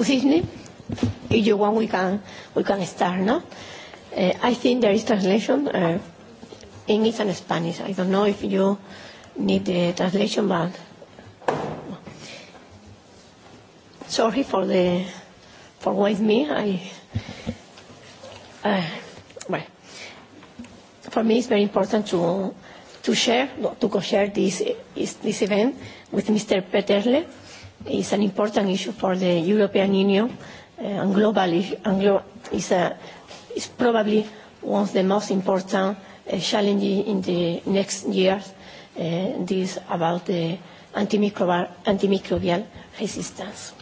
Udisne, if you want, we can, we can start, no? Uh, I think there is translation, uh, English and Spanish. I don't know if you need the translation, but sorry for the for with me. I uh, well, for me it's very important to to share to co-share this this event with Mr. Peterle is an important issue for the European Union uh, and globally and glo is, a, is probably one of the most important uh, challenges in the next years. Uh, this about the antimicrobial, antimicrobial resistance.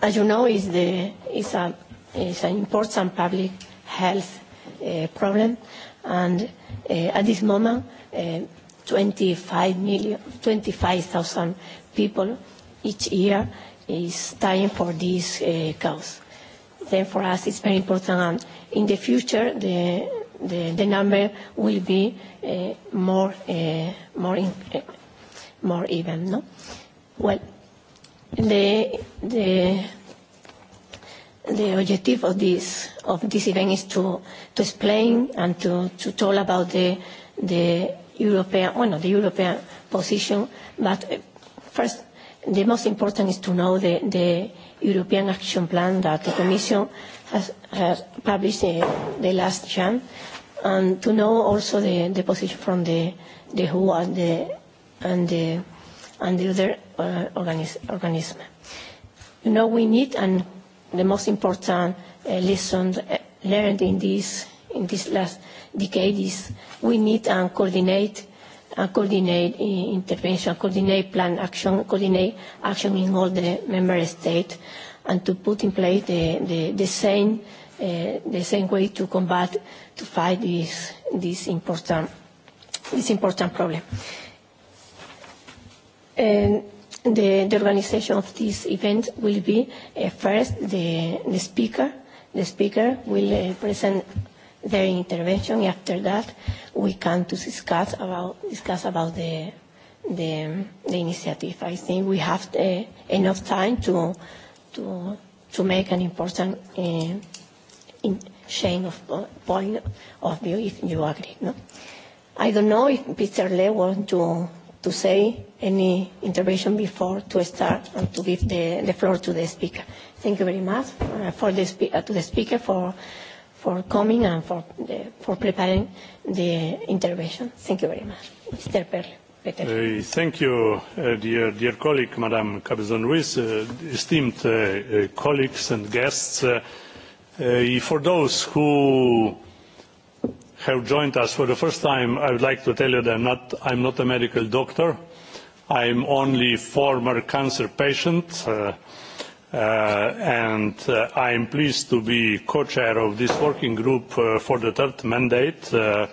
As you know, is the is a is an important public health uh, problem, and uh, at this moment. Uh, 25 million, 25,000 people each year is dying for this uh, cause. Then for us it's very important and in the future the, the, the number will be uh, more, uh, more, in, uh, more even. No? Well, the, the, the objective of this, of this event is to, to explain and to, to talk about the, the European, well, no, the European position, but uh, first, the most important is to know the, the European Action Plan that the Commission has, has published uh, the last Jan, and to know also the, the position from the, the WHO and the, and the, and the other uh, organis organism. You know, we need, and the most important uh, lesson uh, learned in this in these last decades, we need and um, coordinate and coordinate eh, intervention, coordinate plan action, coordinate action in all the member states, and to put in place the, the, the same uh, the same way to combat to fight this this important this important problem. And the, the organization of this event will be uh, first the, the speaker. The speaker will uh, present their intervention. After that, we can to discuss about discuss about the the, the initiative. I think we have the, uh, enough time to to to make an important uh, in change of point of view. If you agree, no. I don't know if Peter Le wants to to say any intervention before to start and to give the, the floor to the speaker. Thank you very much uh, for the, uh, to the speaker for for coming and for, the, for preparing the intervention. Thank you very much. Mr. Perl. Peter. Uh, thank you, uh, dear, dear colleague, Madam Cabezon-Ruiz, uh, esteemed uh, uh, colleagues and guests. Uh, uh, for those who have joined us for the first time, I would like to tell you that I'm not, I'm not a medical doctor. I'm only former cancer patient. Uh, Uh, and uh, I am pleased to be co-chair of this working group uh, for the third mandate. Uh,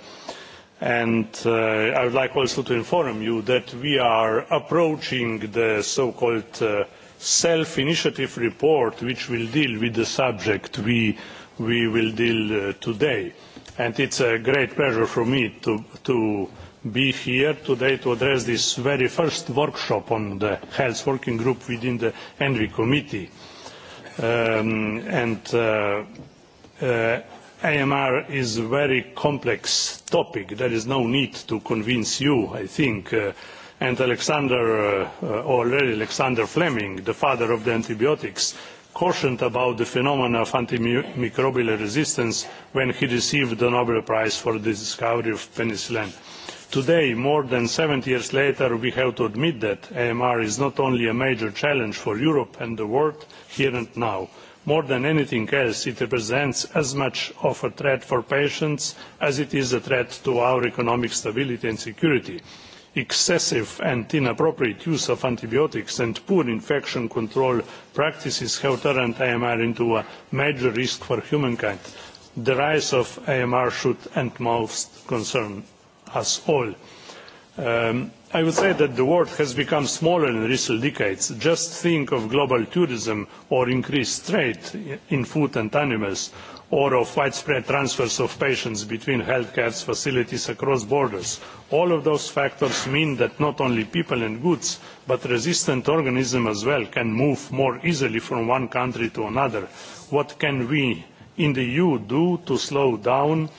and uh, I would like also to inform you that we are approaching the so-called uh, self-initiative report, which will deal with the subject we, we will deal uh, today. Uh, and it's a great pleasure for me to, to be here today to address this very first workshop on the health working group within the ENVI committee. Um, and uh, uh, amr is a very complex topic there is no need to convince you i think uh, and alexander uh, already uh, alexander fleming the father of the antibiotics cautioned about the phenomena of antimicrobial resistance when he received the Nobel Prize for the discovery of penicillin. Today, more than 70 years later, we have to admit that AMR is not only a major challenge for Europe and the world here and now. More than anything else, it represents as much of a threat for patients as it is a threat to our economic stability and security. Uh, excessive and inappropriate use of antibiotics and poor infection control practices have turned AMR into a major risk for humankind. The rise of AMR should and must concern us all. Um, I would say that the world has become smaller in recent decades. Just think of global tourism or increased trade in food and animals or of widespread transfers of patients between healthcare facilities across borders. All of those factors mean that not only people and goods, but resistant organisms as well can move more easily from one country to another. What can we in the EU do to slow down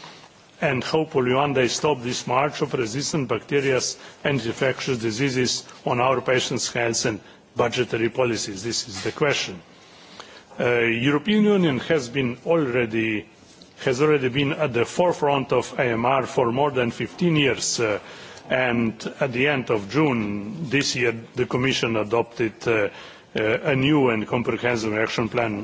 and hopefully one day stop this march of resistant bacteria and infectious diseases on our patients' health and budgetary policies? This is the question uh, European Union has been already has already been at the forefront of AMR for more than 15 years. Uh, and at the end of June this year, the Commission adopted uh, uh, a new and comprehensive action plan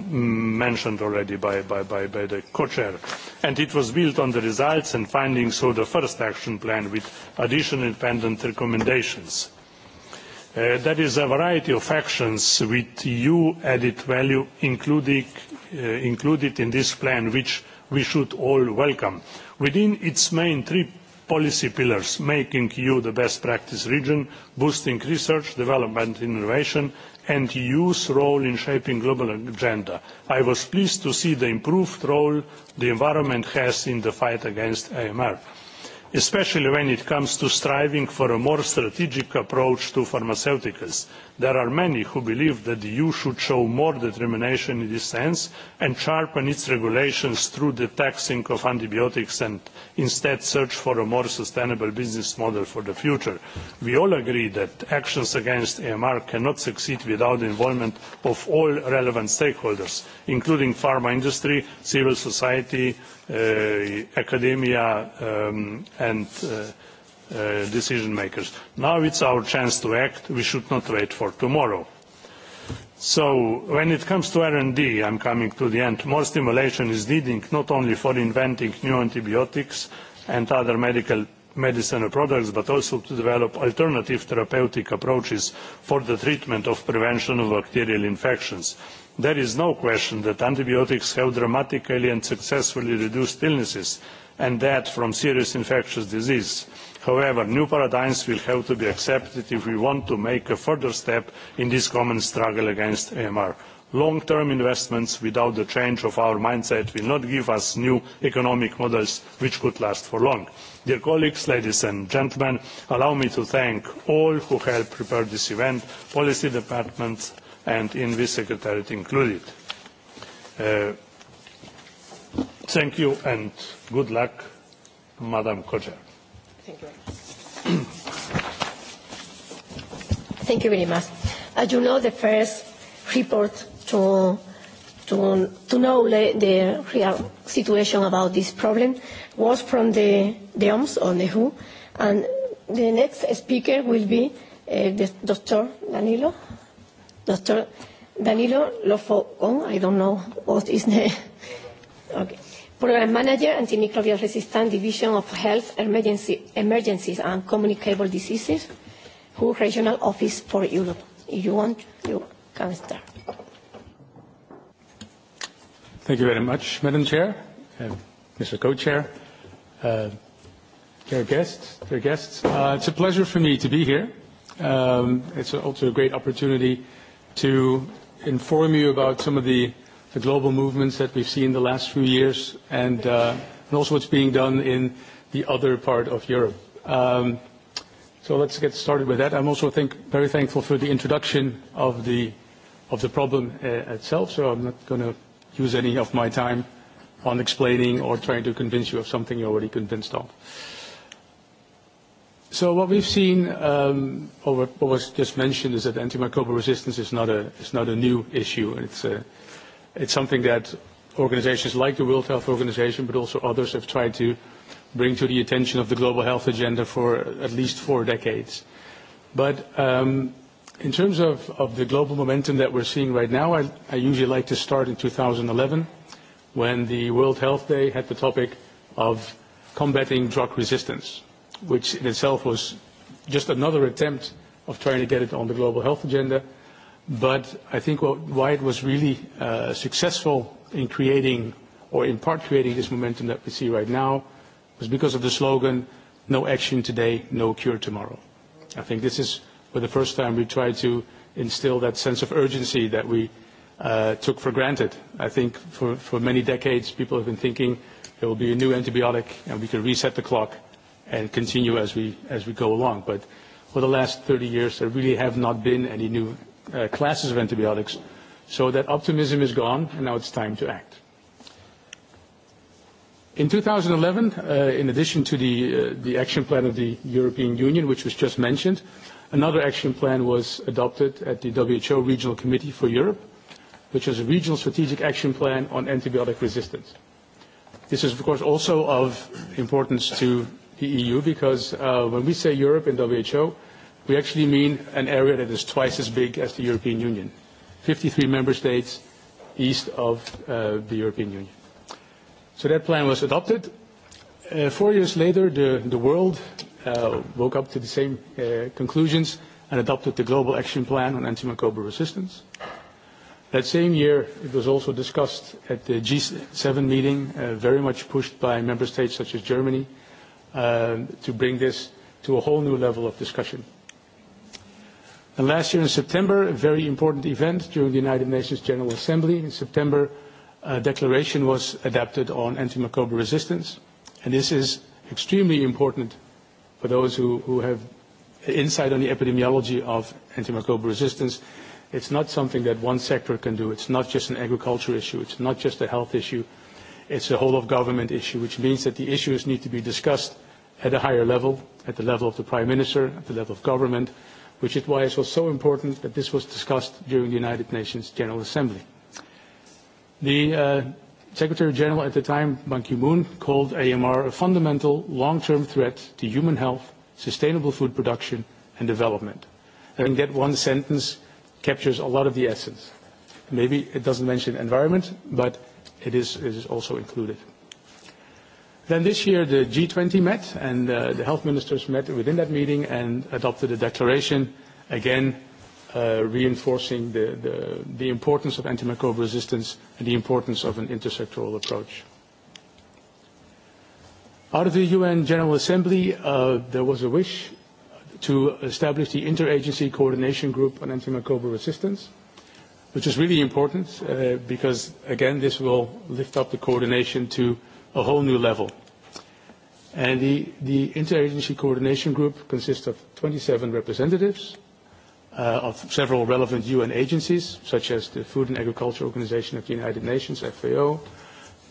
mentioned already by, by, by, by the co-chair. And it was built on the results and findings of the first action plan with additional independent recommendations. Uh, that is a variety of actions with EU added value including, uh, included in this plan, which we should all welcome. Within its main three policy pillars, making EU the best practice region, boosting research, development, innovation, and EU's role in shaping global agenda. I was pleased to see the improved role the environment has in the fight against AMR especially when it comes to striving for a more strategic approach to pharmaceuticals. There are many who believe that the EU should show more determination in this sense and sharpen its regulations through the taxing of antibiotics and instead search for a more sustainable business model for the future. We all agree that actions against AMR cannot succeed without the involvement of all relevant stakeholders, including pharma industry, civil society, Uh, academia um, and uh, uh, decision makers. Now it's our chance to act. We should not wait for tomorrow. So when it comes to R&D, I'm coming to the end, more stimulation is needed not only for inventing new antibiotics and other medical medicine products, but also to develop alternative therapeutic approaches for the treatment of prevention of bacterial infections. There is no question that antibiotics have dramatically and successfully reduced illnesses and death from serious infectious disease. However, new paradigms will have to be accepted if we want to make a further step in this common struggle against AMR. Long-term investments without the change of our mindset will not give us new economic models which could last for long. Dear colleagues, ladies and gentlemen, allow me to thank all who helped prepare this event, policy departments, and envi secretariat included. Uh, thank you and good luck, Madam Co-Chair. Thank you. thank you very much. As you know, the first report to to, to know the, the real situation about this problem was from the, the OMS or the WHO. And the next speaker will be uh, the Dr. Danilo Dr. Danilo Lofocon, I don't know what is the okay. Program Manager, Antimicrobial Resistance Division of Health, Emergency, Emergencies and Communicable Diseases, WHO Regional Office for Europe. If you want, you can start. Thank you very much, Madam Chair, uh, Mr. Co-Chair, uh, dear guests, dear guests. Uh, it's a pleasure for me to be here. Um, it's also a great opportunity uh, to inform you about some of the, the global movements that we've seen the last few years and, uh, and also what's being done in the other part of Europe. Um, so let's get started with that. I'm also think, very thankful for the introduction of the, of the problem uh, itself, so I'm not going to use any of my time on explaining or trying to convince you of something you're already convinced of. Uh, So what we've seen, um, or what was just mentioned, is that antimicrobial resistance is not a, is not a new issue. It's, a, it's something that organizations like the World Health Organization, but also others, have tried to bring to the attention of the global health agenda for at least four decades. But um, in terms of, of the global momentum that we're seeing right now, I, I usually like to start in 2011 when the World Health Day had the topic of combating drug resistance which in itself was just another attempt of trying to get it on the global health agenda. But I think what, why it was really uh, successful in creating, or in part creating this momentum that we see right now, was because of the slogan, no action today, no cure tomorrow. I think this is for the first time we tried to instill that sense of urgency that we uh, took for granted. I think for, for many decades people have been thinking there will be a new antibiotic and we can reset the clock and continue as we, as we go along. But for the last 30 years, there really have not been any new uh, classes of antibiotics. So that optimism is gone, and now it's time to act. In 2011, uh, in addition to the, uh, the action plan of the European Union, which was just mentioned, another action plan was adopted at the WHO Regional Committee for Europe, which is a regional strategic action plan on antibiotic resistance. This is, of course, also of importance to the EU because uh, when we say Europe in WHO, we actually mean an area that is twice as big as the European Union, 53 member states east of uh, the European Union. So that plan was adopted. Uh, four years later, the, the world uh, woke up to the same uh, conclusions and adopted the Global Action Plan on Antimicrobial Resistance. That same year, it was also discussed at the G7 meeting, uh, very much pushed by member states such as Germany, uh, um, to bring this to a whole new level of discussion. And last year in September, a very important event during the United Nations General Assembly. In September, a declaration was adapted on antimicrobial resistance. And this is extremely important for those who, who have insight on the epidemiology of antimicrobial resistance. It's not something that one sector can do. It's not just an agriculture issue. It's not just a health issue. Uh, it's a whole of government issue, which means that the issues need to be discussed at a higher level, at the level of the Prime Minister, at the level of government, which is why it was so important that this was discussed during the United Nations General Assembly. The uh, Secretary General at the time, Ban Ki-moon, called AMR a fundamental long-term threat to human health, sustainable food production, and development. I think that one sentence captures a lot of the essence. Maybe it doesn't mention environment, but it is, it is also included. Then this year, the G20 met, and uh, the health ministers met within that meeting and adopted a declaration, again, uh, reinforcing the, the, the importance of antimicrobial resistance and the importance of an intersectoral approach. Out of the UN General Assembly, uh, there was a wish to establish the Interagency Coordination Group on Antimicrobial Resistance. Uh, which is really important uh, because, again, this will lift up the coordination to a whole new level. And the, the interagency coordination group consists of 27 representatives uh, of several relevant UN agencies, such as the Food and Agriculture Organization of the United Nations, FAO,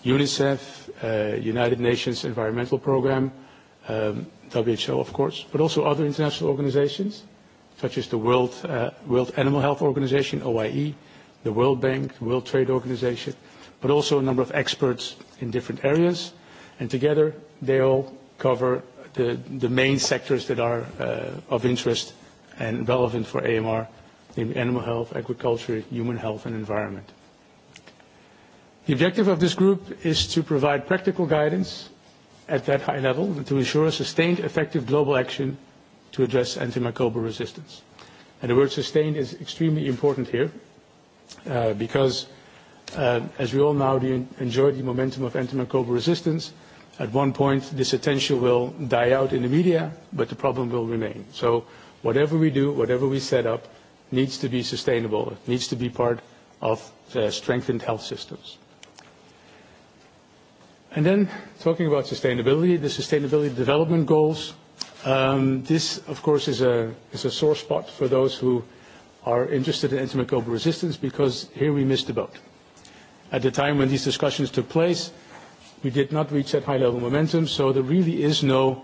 UNICEF, uh, United Nations Environmental Programme, um, WHO, of course, but also other international organizations, such as the World, uh, World Animal Health Organization, OIE, the World Bank, the World Trade Organization, but also a number of experts in different areas. And together, they all cover the, the main sectors that are uh, of interest and relevant for AMR, namely animal health, agriculture, human health, and environment. The objective of this group is to provide practical guidance at that high level and to ensure sustained, effective global action to address antimicrobial resistance. And the word sustained is extremely important here uh, because, uh, as we all now enjoy the momentum of antimicrobial resistance, at one point this attention will die out in the media, but the problem will remain. So whatever we do, whatever we set up, needs to be sustainable. It needs to be part of uh, strengthened health systems. And then talking about sustainability, the Sustainability Development Goals. Um, this, of course, is a, is a sore spot for those who are interested in antimicrobial resistance because here we missed the boat. At the time when these discussions took place, we did not reach that high level momentum, so there really is no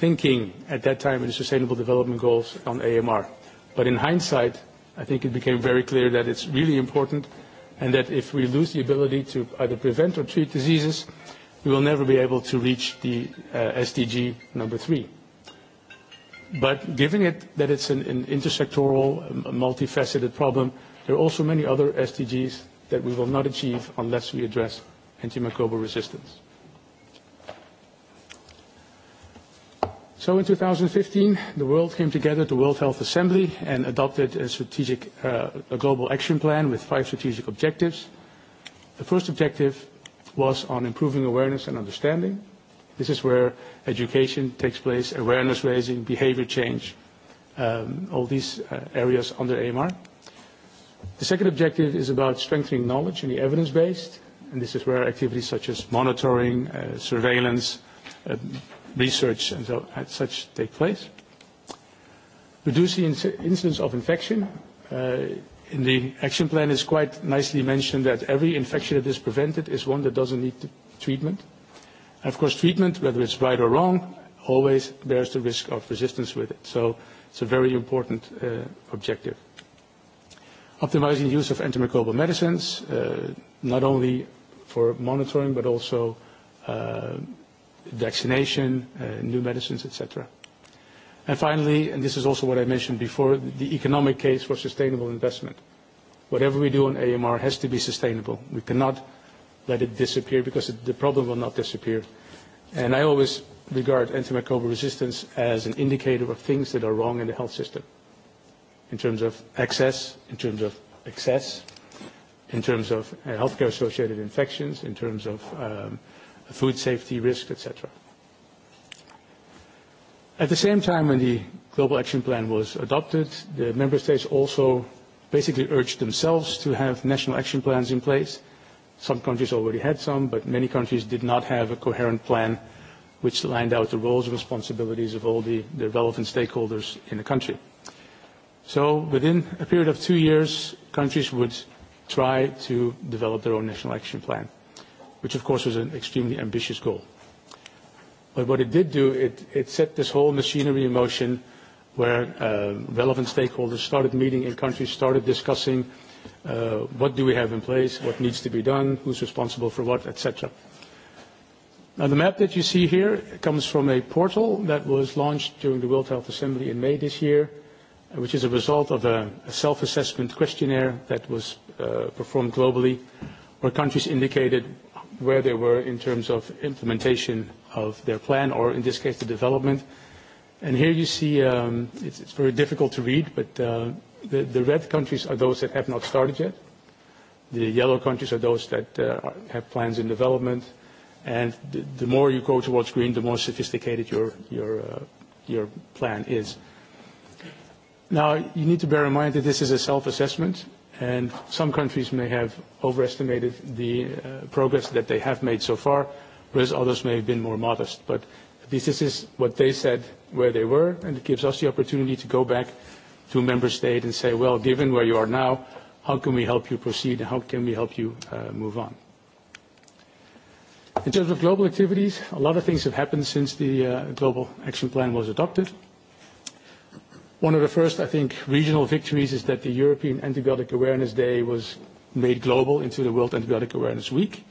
thinking at that time in the Sustainable Development Goals on AMR. But in hindsight, I think it became very clear that it's really important and that if we lose the ability to either prevent or treat diseases, we will never be able to reach the uh, SDG number three. But given it that it's an, an intersectoral, um, multifaceted problem, there are also many other SDGs that we will not achieve unless we address antimicrobial resistance. So in 2015, the world came together at the World Health Assembly and adopted a strategic, uh, a global action plan with five strategic objectives. The first objective was on improving awareness and understanding. This is where education takes place, awareness raising, behavior change, um, all these uh, areas under AMR. The second objective is about strengthening knowledge and the evidence based, and this is where activities such as monitoring, uh, surveillance, uh, research, and so and uh, such take place. Reduce the inc incidence of infection. Uh, in the action plan, it's quite nicely mentioned that every infection that is prevented is one that doesn't need treatment. Uh, Of course, treatment, whether it's right or wrong, always bears the risk of resistance with it. So it's a very important uh, objective. Optimizing use of antimicrobial medicines, uh, not only for monitoring, but also uh, vaccination, uh, new medicines, etc. And finally, and this is also what I mentioned before, the economic case for sustainable investment. Whatever we do on AMR has to be sustainable. We cannot let it disappear because it, the problem will not disappear. And I always regard antimicrobial resistance as an indicator of things that are wrong in the health system in terms of access, in terms of excess, in terms of uh, healthcare-associated infections, in terms of um, food safety risk, etc. At the same time, when the Global Action Plan was adopted, the member states also basically urged themselves to have national action plans in place Some countries already had some, but many countries did not have a coherent plan which lined out the roles and responsibilities of all the, the relevant stakeholders in the country. So within a period of two years, countries would try to develop their own national action plan, which of course was an extremely ambitious goal. But what it did do, it, it set this whole machinery in motion where uh, relevant stakeholders started meeting in countries, started discussing uh, what do we have in place, what needs to be done, who's responsible for what, etc. Now, the map that you see here comes from a portal that was launched during the World Health Assembly in May this year, uh, which is a result of a, a self-assessment questionnaire that was uh, performed globally, where countries indicated where they were in terms of implementation of their plan, or in this case, the development. And here you see, um, it's, it's very difficult to read, but uh, The, the red countries are those that have not started yet. The yellow countries are those that uh, have plans in development. And the, the more you go towards green, the more sophisticated your, your, uh, your plan is. Now, you need to bear in mind that this is a self-assessment, and some countries may have overestimated the uh, progress that they have made so far, whereas others may have been more modest. But at least this is what they said where they were, and it gives us the opportunity to go back to a member state and say, well, given where you are now, how can we help you proceed and how can we help you uh, move on? In terms of global activities, a lot of things have happened since the uh, Global Action Plan was adopted. One of the first, I think, regional victories is that the European Antibiotic Awareness Day was made global into the World Antibiotic Awareness Week,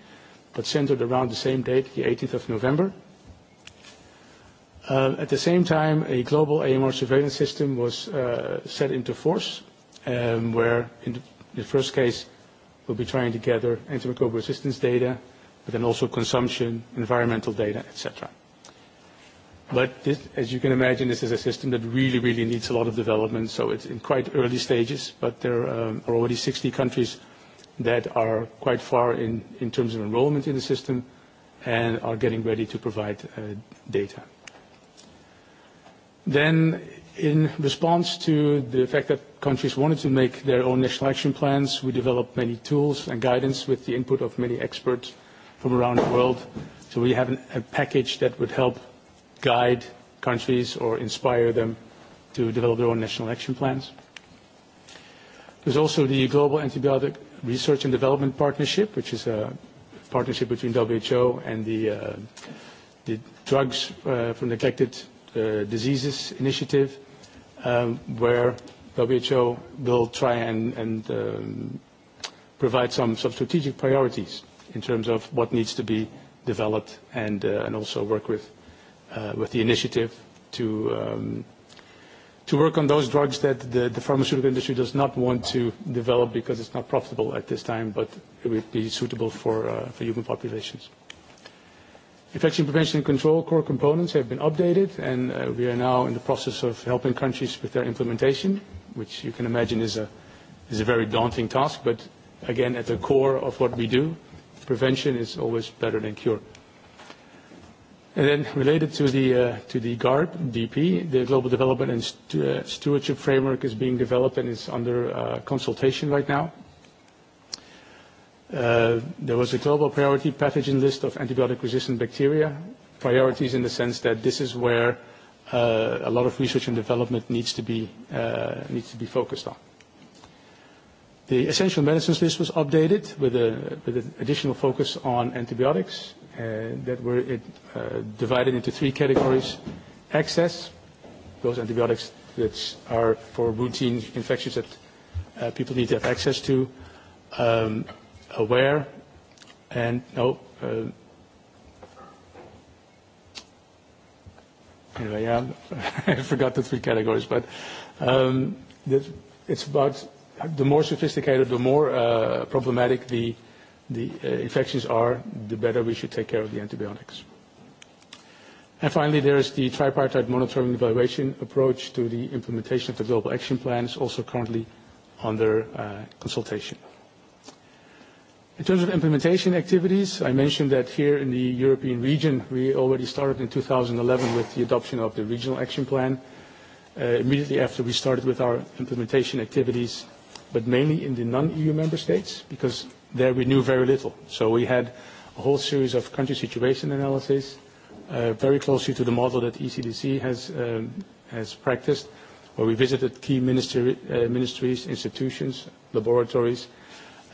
but centered around the same date, the 18th of November. Uh, at the same time, a global AMR surveillance system was uh, set into force, um, where in the, the first case, we'll be trying to gather antimicrobial resistance data, but then also consumption, environmental data, et cetera. But this, as you can imagine, this is a system that really, really needs a lot of development, so it's in quite early stages, but there um, are already 60 countries that are quite far in, in terms of enrollment in the system and are getting ready to provide uh, data. Then in response to the fact that countries wanted to make their own national action plans, we developed many tools and guidance with the input of many experts from around the world. So we have an, a package that would help guide countries or inspire them to develop their own national action plans. There's also the Global Antibiotic Research and Development Partnership, which is a partnership between WHO and the, uh, the drugs uh, for neglected uh, Diseases Initiative, um, where WHO will try and, and um, provide some, some strategic priorities in terms of what needs to be developed and, uh, and also work with, uh, with the initiative to, um, to work on those drugs that the, the pharmaceutical industry does not want to develop because it's not profitable at this time, but it would be suitable for, uh, for human populations. Infection prevention and control core components have been updated, and uh, we are now in the process of helping countries with their implementation, which you can imagine is a, is a very daunting task, but again, at the core of what we do, prevention is always better than cure. And then related to the, uh, to the GARP, DP, the Global Development and St uh, Stewardship Framework is being developed and is under uh, consultation right now. Uh, there was a global priority pathogen list of antibiotic-resistant bacteria, priorities in the sense that this is where uh, a lot of research and development needs to be, uh, needs to be focused on. The essential medicines list was updated with, a, with an additional focus on antibiotics uh, that were it, uh, divided into three categories. Access, those antibiotics that are for routine infections that uh, people need to have access to. Um, aware and no. Uh, anyway, yeah, I forgot the three categories, but um, this, it's about the more sophisticated, the more uh, problematic the the uh, infections are, the better we should take care of the antibiotics. And finally, there is the tripartite monitoring and evaluation approach to the implementation of the Global Action Plan. It's also currently under uh, consultation. In terms of implementation activities, I mentioned that here in the European region, we already started in 2011 with the adoption of the Regional Action Plan. Uh, immediately after, we started with our implementation activities, but mainly in the non-EU member states, because there we knew very little. So we had a whole series of country situation analysis, uh, very closely to the model that ECDC has, um, has practiced, where we visited key ministry, uh, ministries, institutions, laboratories,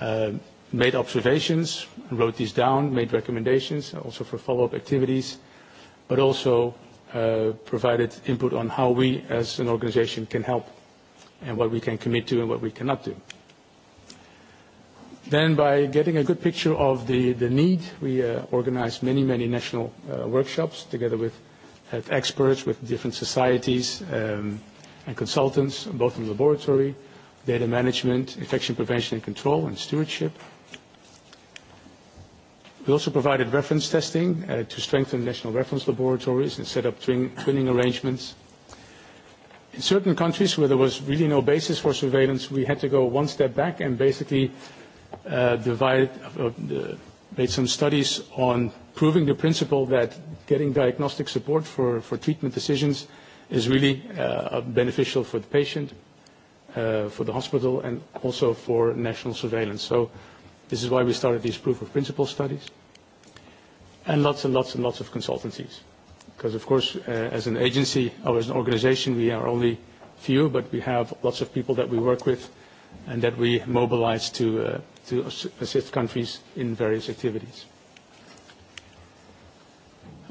uh, made observations, wrote these down, made recommendations also for follow-up activities, but also uh, provided input on how we as an organization can help and what we can commit to and what we cannot do. Then by getting a good picture of the, the need, we uh, organized many, many national uh, workshops together with uh, experts, with different societies um, and consultants, both in laboratory, data management, infection prevention and control, and stewardship, uh, We also provided reference testing uh, to strengthen national reference laboratories and set up twin, twinning arrangements. In certain countries where there was really no basis for surveillance, we had to go one step back and basically uh, divide, uh, uh, made some studies on proving the principle that getting diagnostic support for, for treatment decisions is really uh, beneficial for the patient, uh, for the hospital, and also for national surveillance. So This is why we started these proof of principle studies. And lots and lots and lots of consultancies. Because of course, uh, as an agency or as an organization, we are only few, but we have lots of people that we work with and that we mobilize to, uh, to assist countries in various activities.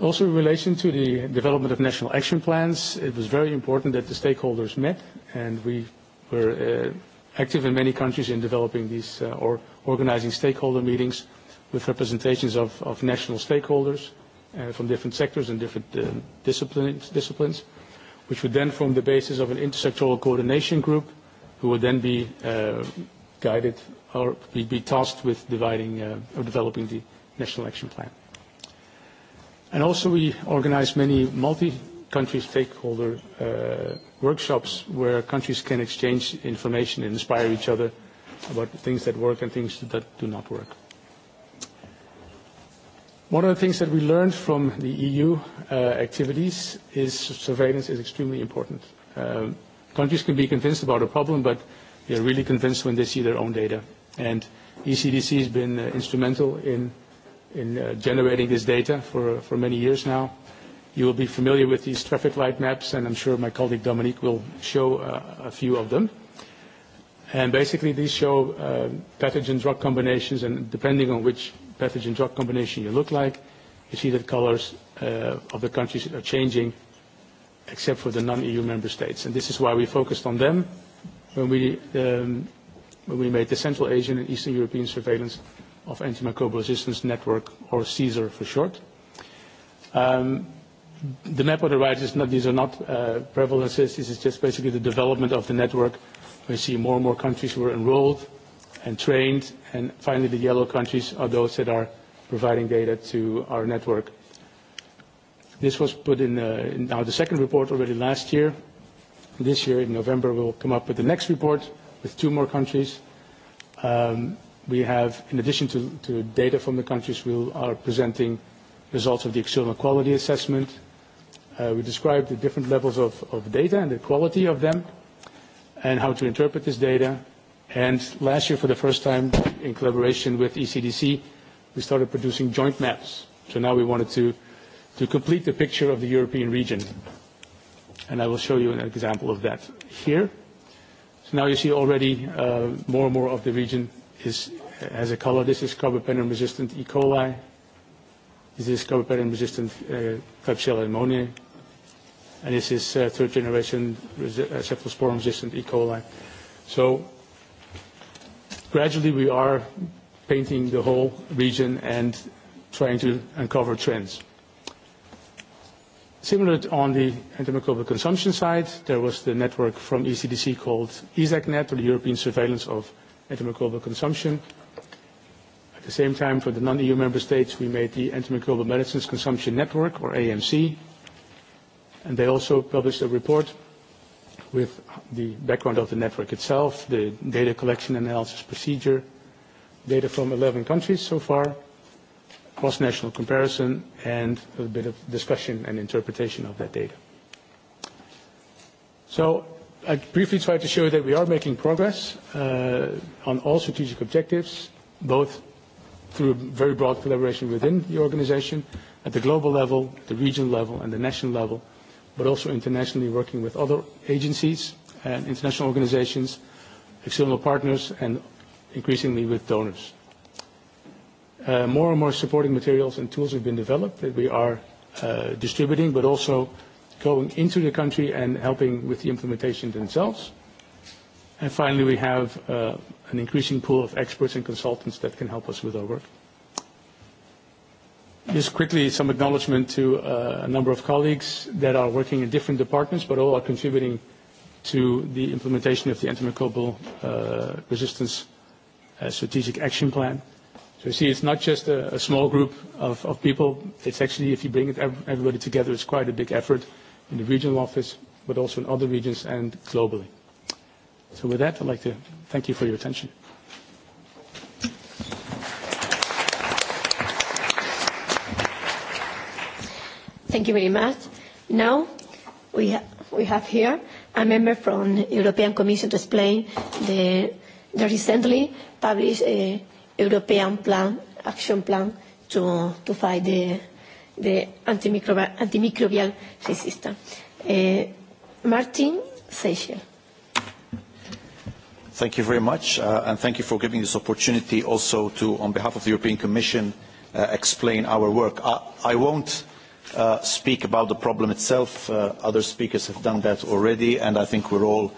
Also in relation to the development of national action plans, it was very important that the stakeholders met and we were uh, active in many countries in developing these uh, or organizing stakeholder meetings with representations of, of national stakeholders uh, from different sectors and different uh, disciplines, disciplines, which would then form the basis of an intersectoral coordination group who would then be uh, guided or be, be tasked with dividing uh, or developing the national action plan. And also we organize many multi country stakeholder uh, workshops where countries can exchange information and inspire each other about things that work and things that do not work. One of the things that we learned from the EU uh, activities is surveillance is extremely important. Um, countries can be convinced about a problem, but they're really convinced when they see their own data. And ECDC has been uh, instrumental in, in uh, generating this data for, for many years now. Uh, You will be familiar with these traffic light maps, and I'm sure my colleague Dominique will show uh, a few of them. And basically, these show uh, pathogen drug combinations, and depending on which pathogen drug combination you look like, you see that colors uh, of the countries are changing, except for the non-EU member states. And this is why we focused on them when we, um, when we made the Central Asian and Eastern European Surveillance of Antimicrobial Resistance Network, or CSER for short. Um, the map on the right is not, these are not uh, prevalences. This is just basically the development of the network. We see more and more countries who are enrolled and trained. And finally, the yellow countries are those that are providing data to our network. This was put in, uh, in now the second report already last year. This year, in November, we'll come up with the next report with two more countries. Um, we have, in addition to, to data from the countries, we are presenting results of the external quality assessment, Uh, we describe the different levels of, of data and the quality of them and how to interpret this data. And last year, for the first time, in collaboration with ECDC, we started producing joint maps. So now we wanted to, to complete the picture of the European region. And I will show you an example of that here. So now you see already uh, more and more of the region is, has a color. This is carbapenem-resistant E. coli. This is carbapenem-resistant uh, Klebsiella pneumoniae and this is uh, third generation resi uh, cephalosporin resistant E. coli. So gradually we are painting the whole region and trying to uncover trends. Similar on the antimicrobial consumption side, there was the network from ECDC called ESACnet, or the European Surveillance of Antimicrobial Consumption. At the same time, for the non-EU member states, we made the Antimicrobial Medicines Consumption Network, or AMC, And they also published a report with the background of the network itself, the data collection analysis procedure, data from 11 countries so far, cross-national comparison, and a bit of discussion and interpretation of that data. So I briefly tried to show that we are making progress uh, on all strategic objectives, both through very broad collaboration within the organization at the global level, the regional level, and the national level, but also internationally working with other agencies and international organizations, external partners, and increasingly with donors. Uh, more and more supporting materials and tools have been developed that we are uh, distributing, but also going into the country and helping with the implementation themselves. And finally, we have uh, an increasing pool of experts and consultants that can help us with our work. Just quickly, some acknowledgment to uh, a number of colleagues that are working in different departments, but all are contributing to the implementation of the antimicrobial uh, resistance uh, strategic action plan. So you see, it's not just a, a small group of, of people. It's actually, if you bring it, everybody together, it's quite a big effort in the regional office, but also in other regions and globally. So with that, I'd like to thank you for your attention. Thank you very much. Now, we, ha we have here a member from European Commission to explain the, the recently published uh, European plan, action plan to, to fight the, the antimicrobial, antimicrobial resistance. Uh, Martin Seychelles. Thank you very much, uh, and thank you for giving this opportunity also to, on behalf of the European Commission, uh, explain our work. I, I won't uh, speak about the problem itself. Uh, other speakers have done that already, and I think we're all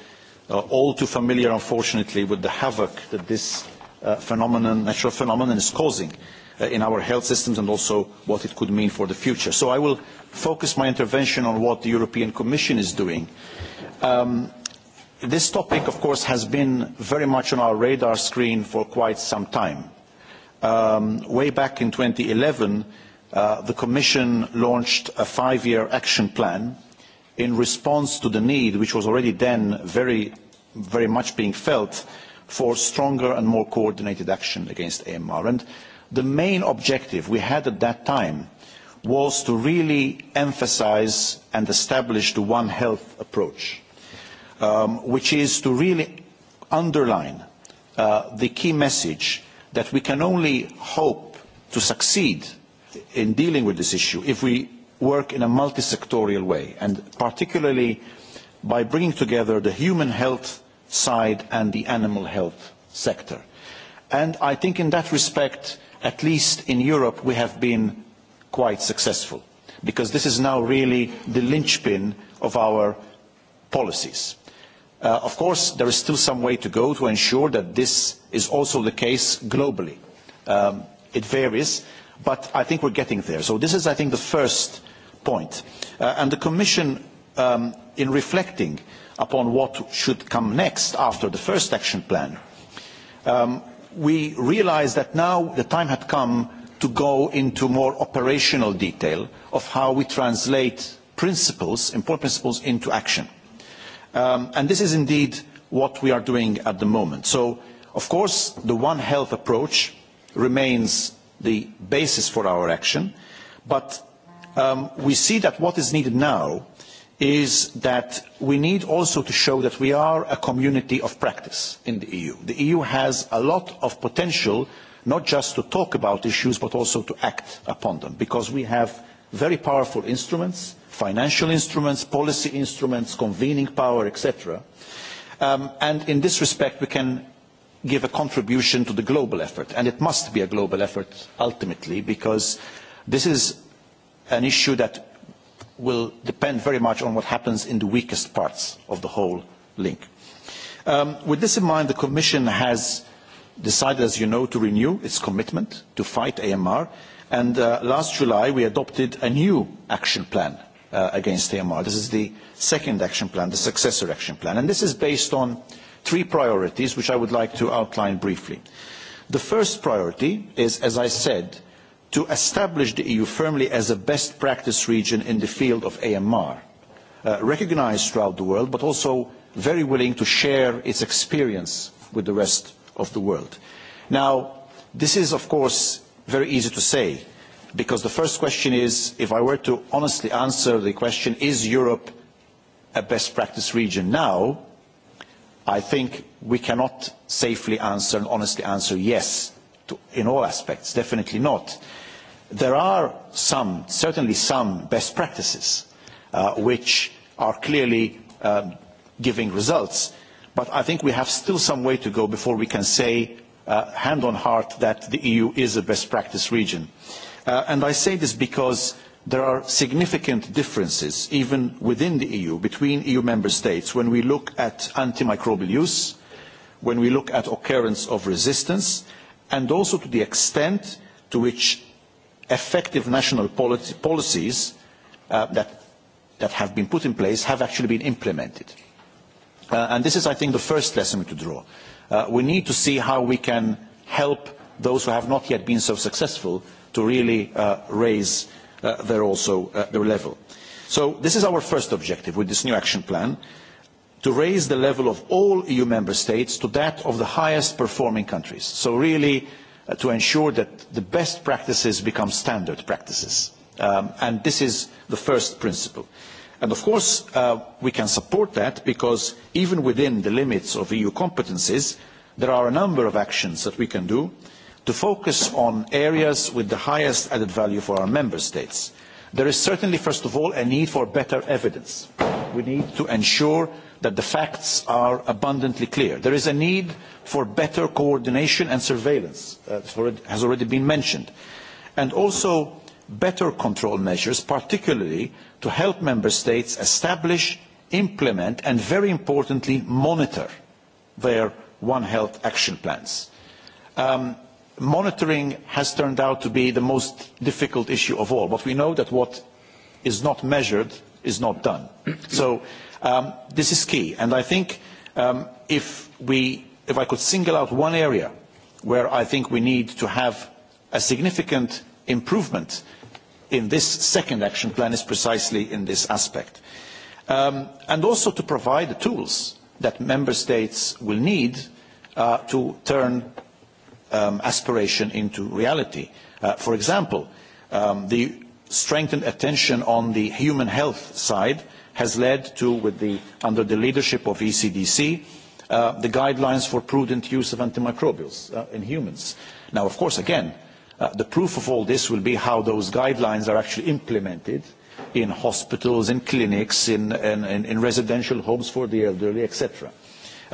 uh, all too familiar, unfortunately, with the havoc that this uh, phenomenon, natural phenomenon is causing uh, in our health systems and also what it could mean for the future. So I will focus my intervention on what the European Commission is doing. Um, this topic, of course, has been very much on our radar screen for quite some time. Um, way back in 2011, uh, the Commission launched a five-year action plan in response to the need, which was already then very, very much being felt, for stronger and more coordinated action against AMR. And the main objective we had at that time was to really emphasize and establish the One Health approach, um, which is to really underline uh, the key message that we can only hope to succeed in dealing with this issue if we work in a multi-sectorial way, and particularly by bringing together the human health side and the animal health sector. And I think in that respect, at least in Europe, we have been quite successful, because this is now really the linchpin of our policies. Uh, of course, there is still some way to go to ensure that this is also the case globally. Um, it varies, but I think we're getting there. So this is, I think, the first point. Uh, and the Commission, um, in reflecting upon what should come next after the first action plan, um, we realized that now the time had come to go into more operational detail of how we translate principles, important principles, into action. Um, and this is indeed what we are doing at the moment. So, of course, the One Health approach remains the basis for our action. But um, we see that what is needed now is that we need also to show that we are a community of practice in the EU. The EU has a lot of potential not just to talk about issues but also to act upon them because we have very powerful instruments, financial instruments, policy instruments, convening power, etc. Um, and in this respect we can give a contribution to the global effort. And it must be a global effort ultimately because this is an issue that will depend very much on what happens in the weakest parts of the whole link. Um, with this in mind, the Commission has decided, as you know, to renew its commitment to fight AMR. And uh, last July, we adopted a new action plan uh, against AMR. This is the second action plan, the successor action plan. And this is based on uh, three priorities which I would like to outline briefly. The first priority is, as I said, to establish the EU firmly as a best practice region in the field of AMR, uh, recognized throughout the world, but also very willing to share its experience with the rest of the world. Now, this is, of course, very easy to say, because the first question is, if I were to honestly answer the question, is Europe a best practice region now, I think we cannot safely answer and honestly answer yes to, in all aspects, definitely not. There are some, certainly some best practices uh, which are clearly um, giving results, but I think we have still some way to go before we can say uh, hand on heart that the EU is a best practice region. Uh, and I say this because there are significant differences even within the EU, between EU member states, when we look at antimicrobial use, when we look at occurrence of resistance, and also to the extent to which effective national policy, policies uh, that, that have been put in place have actually been implemented. Uh, and this is, I think, the first lesson to draw. Uh, we need to see how we can help those who have not yet been so successful to really uh, raise uh, their, also, uh, their level. So this is our first objective with this new action plan, to raise the level of all EU member states to that of the highest performing countries. So really uh, to ensure that the best practices become standard practices. Um, and this is the first principle. And of course, uh, we can support that because even within the limits of EU competences, there are a number of actions that we can do uh, to focus on areas with the highest added value for our member states. There is certainly, first of all, a need for better evidence. We need to ensure that the facts are abundantly clear. There is a need for better coordination and surveillance, uh, has already been mentioned, and also better control measures, particularly to help member states establish, implement, and very importantly, monitor their One Health action plans. Um, monitoring has turned out to be the most difficult issue of all, but we know that what is not measured is not done. so um, this is key, and I think um, if, we, if I could single out one area where I think we need to have a significant improvement in this second action plan is precisely in this aspect. Um, and also to provide the tools that member states will need uh, to turn um, aspiration into reality. Uh, for example, um, the strengthened attention on the human health side has led to, with the, under the leadership of ECDC, uh, the guidelines for prudent use of antimicrobials uh, in humans. Now, of course, again, uh, the proof of all this will be how those guidelines are actually implemented in hospitals, in clinics, in, in, in residential homes for the elderly, etc. Uh,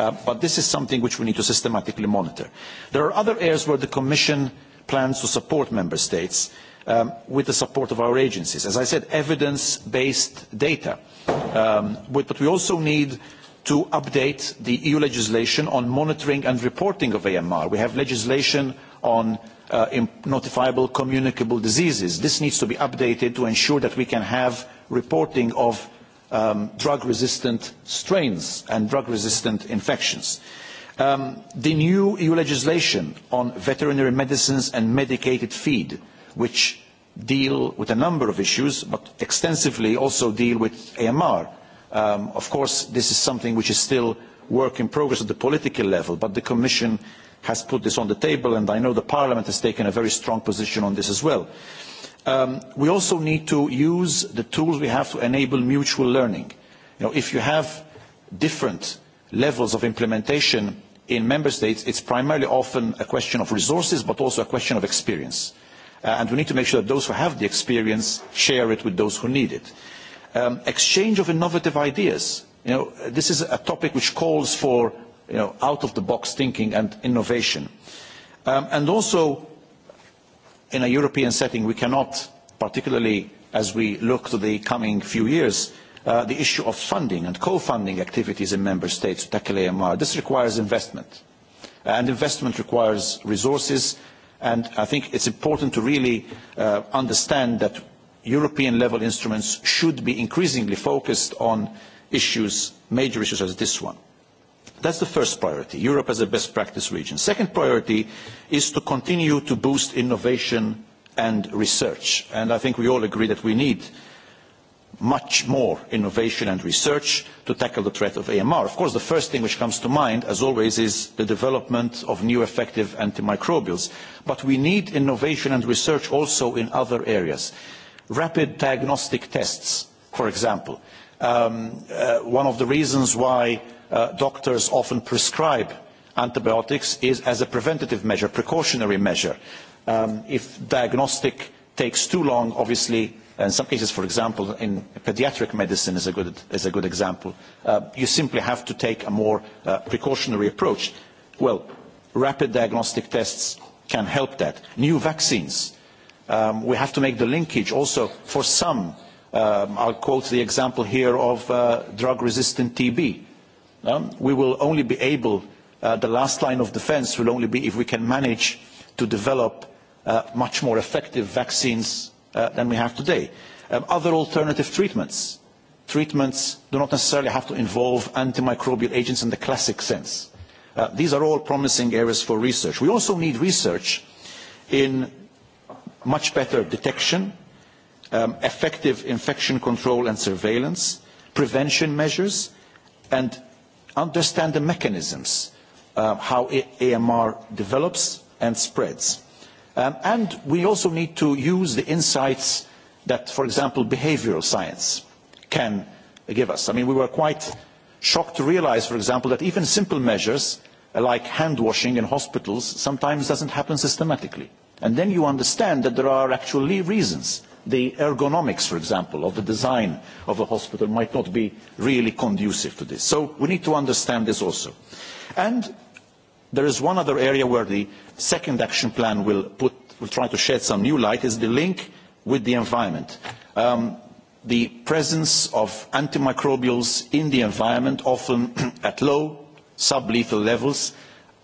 Uh, but this is something which we need to systematically monitor. There are other areas where the Commission plans to support Member States um, with the support of our agencies. As I said, evidence-based data. Um, but, but we also need to update the EU legislation on monitoring and reporting of AMR. We have legislation on uh, notifiable communicable diseases. This needs to be updated to ensure that we can have reporting of um, drug-resistant strains and drug-resistant infections. Um, the new EU legislation on veterinary medicines and medicated feed, which deal with a number of issues, but extensively also deal with AMR. Um, of course, this is something which is still work in progress at the political level, but the Commission has put this on the table, and I know the Parliament has taken a very strong position on this as well. Uh, Um, we also need to use the tools we have to enable mutual learning. You know, if you have different levels of implementation in member states, it's primarily often a question of resources, but also a question of experience. Uh, and we need to make sure that those who have the experience share it with those who need it. Um, exchange of innovative ideas. You know, this is a topic which calls for you know, out-of-the-box thinking and innovation. Um, and also in a European setting, we cannot, particularly as we look to the coming few years, uh, the issue of funding and co-funding activities in member states to tackle AMR. This requires investment. Uh, and investment requires resources. And I think it's important to really uh, understand that European level instruments should be increasingly focused on issues, major issues as this one. That's the first priority, Europe as a best practice region. Second priority is to continue to boost innovation and research. And I think we all agree that we need much more innovation and research to tackle the threat of AMR. Of course, the first thing which comes to mind, as always, is the development of new effective antimicrobials. But we need innovation and research also in other areas. Rapid diagnostic tests, for example um, uh, one of the reasons why uh, doctors often prescribe antibiotics is as a preventative measure, precautionary measure. Um, if diagnostic takes too long, obviously, in some cases, for example, in pediatric medicine is a good, is a good example, uh, you simply have to take a more uh, precautionary approach. Well, rapid diagnostic tests can help that. New vaccines. Um, we have to make the linkage also for some uh, Um, I'll quote the example here of uh, drug-resistant TB. Um, we will only be able, uh, the last line of defense will only be if we can manage to develop uh, much more effective vaccines uh, than we have today. Um, other alternative treatments. Treatments do not necessarily have to involve antimicrobial agents in the classic sense. Uh, these are all promising areas for research. We also need research in much better detection, um, effective infection control and surveillance, prevention measures, and understand the mechanisms, uh, how AMR develops and spreads. Um, and we also need to use the insights that, for example, behavioral science can give us. I mean, we were quite shocked to realize, for example, that even simple measures uh, like hand washing in hospitals sometimes doesn't happen systematically. And then you understand that there are actually reasons the ergonomics, for example, of the design of a hospital might not be really conducive to this. So we need to understand this also. And there is one other area where the second action plan will, put, will try to shed some new light is the link with the environment. Um, the presence of antimicrobials in the environment, often at low, sublethal levels,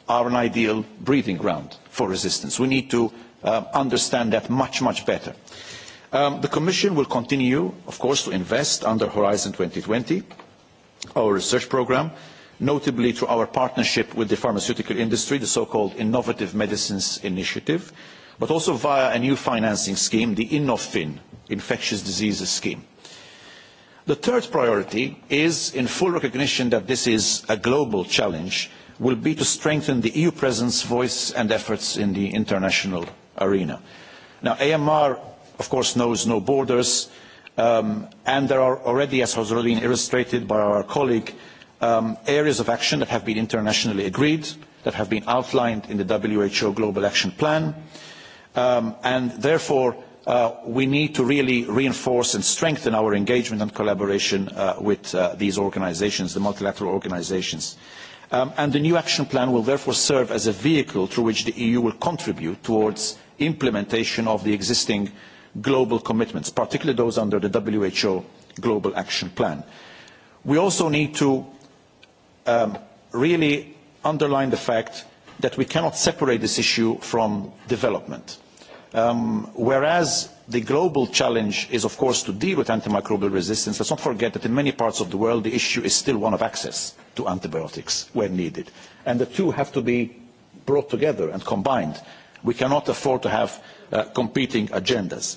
are an ideal breeding ground for resistance. We need to uh, understand that much, much better. Uh, Um, the Commission will continue, of course, to invest under Horizon 2020, our research programme, notably through our partnership with the pharmaceutical industry, the so-called Innovative Medicines Initiative, but also via a new financing scheme, the InnoFin, Infectious Diseases Scheme. The third priority is, in full recognition that this is a global challenge, will be to strengthen the EU presence, voice and efforts in the international arena. Now, AMR of course knows no borders um, and there are already, as has already been illustrated by our colleague, um, areas of action that have been internationally agreed, that have been outlined in the WHO Global Action Plan, um, and therefore uh, we need to really reinforce and strengthen our engagement and collaboration uh, with uh, these organizations, the multilateral organizations. Um, and the new action plan will therefore serve as a vehicle through which the EU will contribute towards implementation of the existing uh, global commitments, particularly those under the WHO Global Action Plan. We also need to um, really underline the fact that we cannot separate this issue from development. Um, whereas the global challenge is, of course, to deal with antimicrobial resistance, let's not forget that in many parts of the world the issue is still one of access to antibiotics where needed. And the two have to be brought together and combined. We cannot afford to have uh, competing agendas.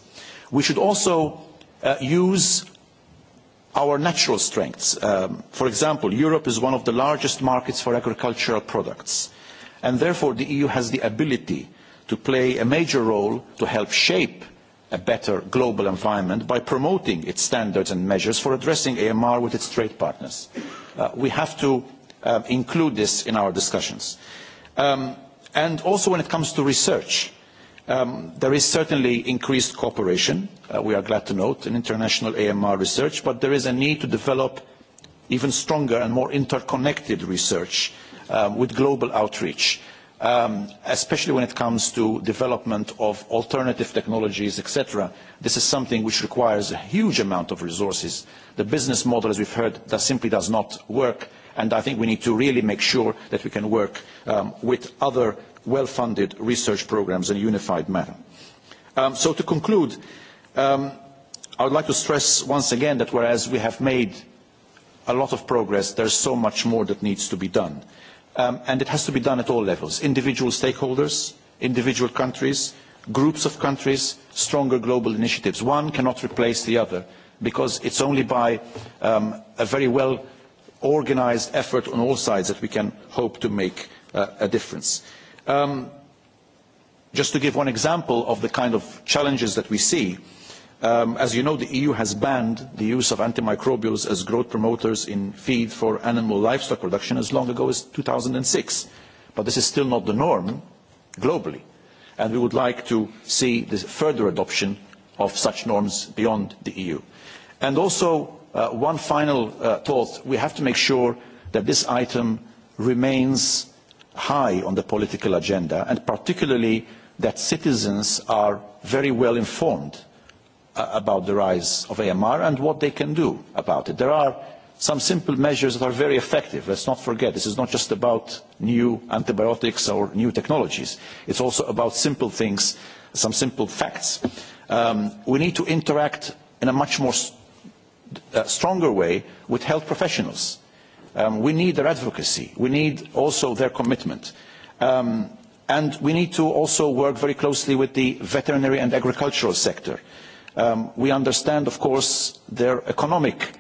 We should also uh, use our natural strengths. Um, for example, Europe is one of the largest markets for agricultural products, and therefore the EU has the ability to play a major role to help shape a better global environment by promoting its standards and measures for addressing AMR with its trade partners. Uh, we have to uh, include this in our discussions. Um, and also when it comes to research, Um, there is certainly increased cooperation, uh, we are glad to note, in international AMR research, but there is a need to develop even stronger and more interconnected research um, with global outreach, um, especially when it comes to development of alternative technologies, etc. This is something which requires a huge amount of resources. The business model, as we've heard, that simply does not work, and I think we need to really make sure that we can work um, with other well-funded research programs in a unified manner. Um, so to conclude, um, I would like to stress once again that whereas we have made a lot of progress, there is so much more that needs to be done. Um, and it has to be done at all levels, individual stakeholders, individual countries, groups of countries, stronger global initiatives. One cannot replace the other because it's only by um, a very well organized effort on all sides that we can hope to make uh, a difference. Uh, Um, just to give one example of the kind of challenges that we see, um, as you know, the EU has banned the use of antimicrobials as growth promoters in feed for animal livestock production as long ago as 2006. But this is still not the norm globally. And we would like to see the further adoption of such norms beyond the EU. And also, uh, one final uh, thought, we have to make sure that this item remains high on the political agenda, and particularly that citizens are very well informed uh, about the rise of AMR and what they can do about it. There are some simple measures that are very effective. Let's not forget, this is not just about new antibiotics or new technologies. It's also about simple things, some simple facts. Um, we need to interact in a much more st uh, stronger way with health professionals Um, we need their advocacy. We need also their commitment. Um, and we need to also work very closely with the veterinary and agricultural sector. Um, we understand, of course, their economic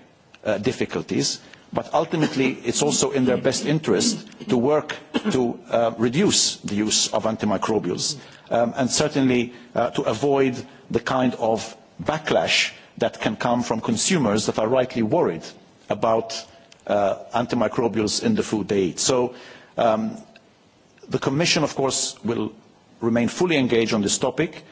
uh, difficulties, but ultimately it's also in their best interest to work to uh, reduce the use of antimicrobials um, and certainly uh, to avoid the kind of backlash that can come from consumers that are rightly worried about uh, antimicrobials in the food they eat. So um, the Commission, of course, will remain fully engaged on this topic,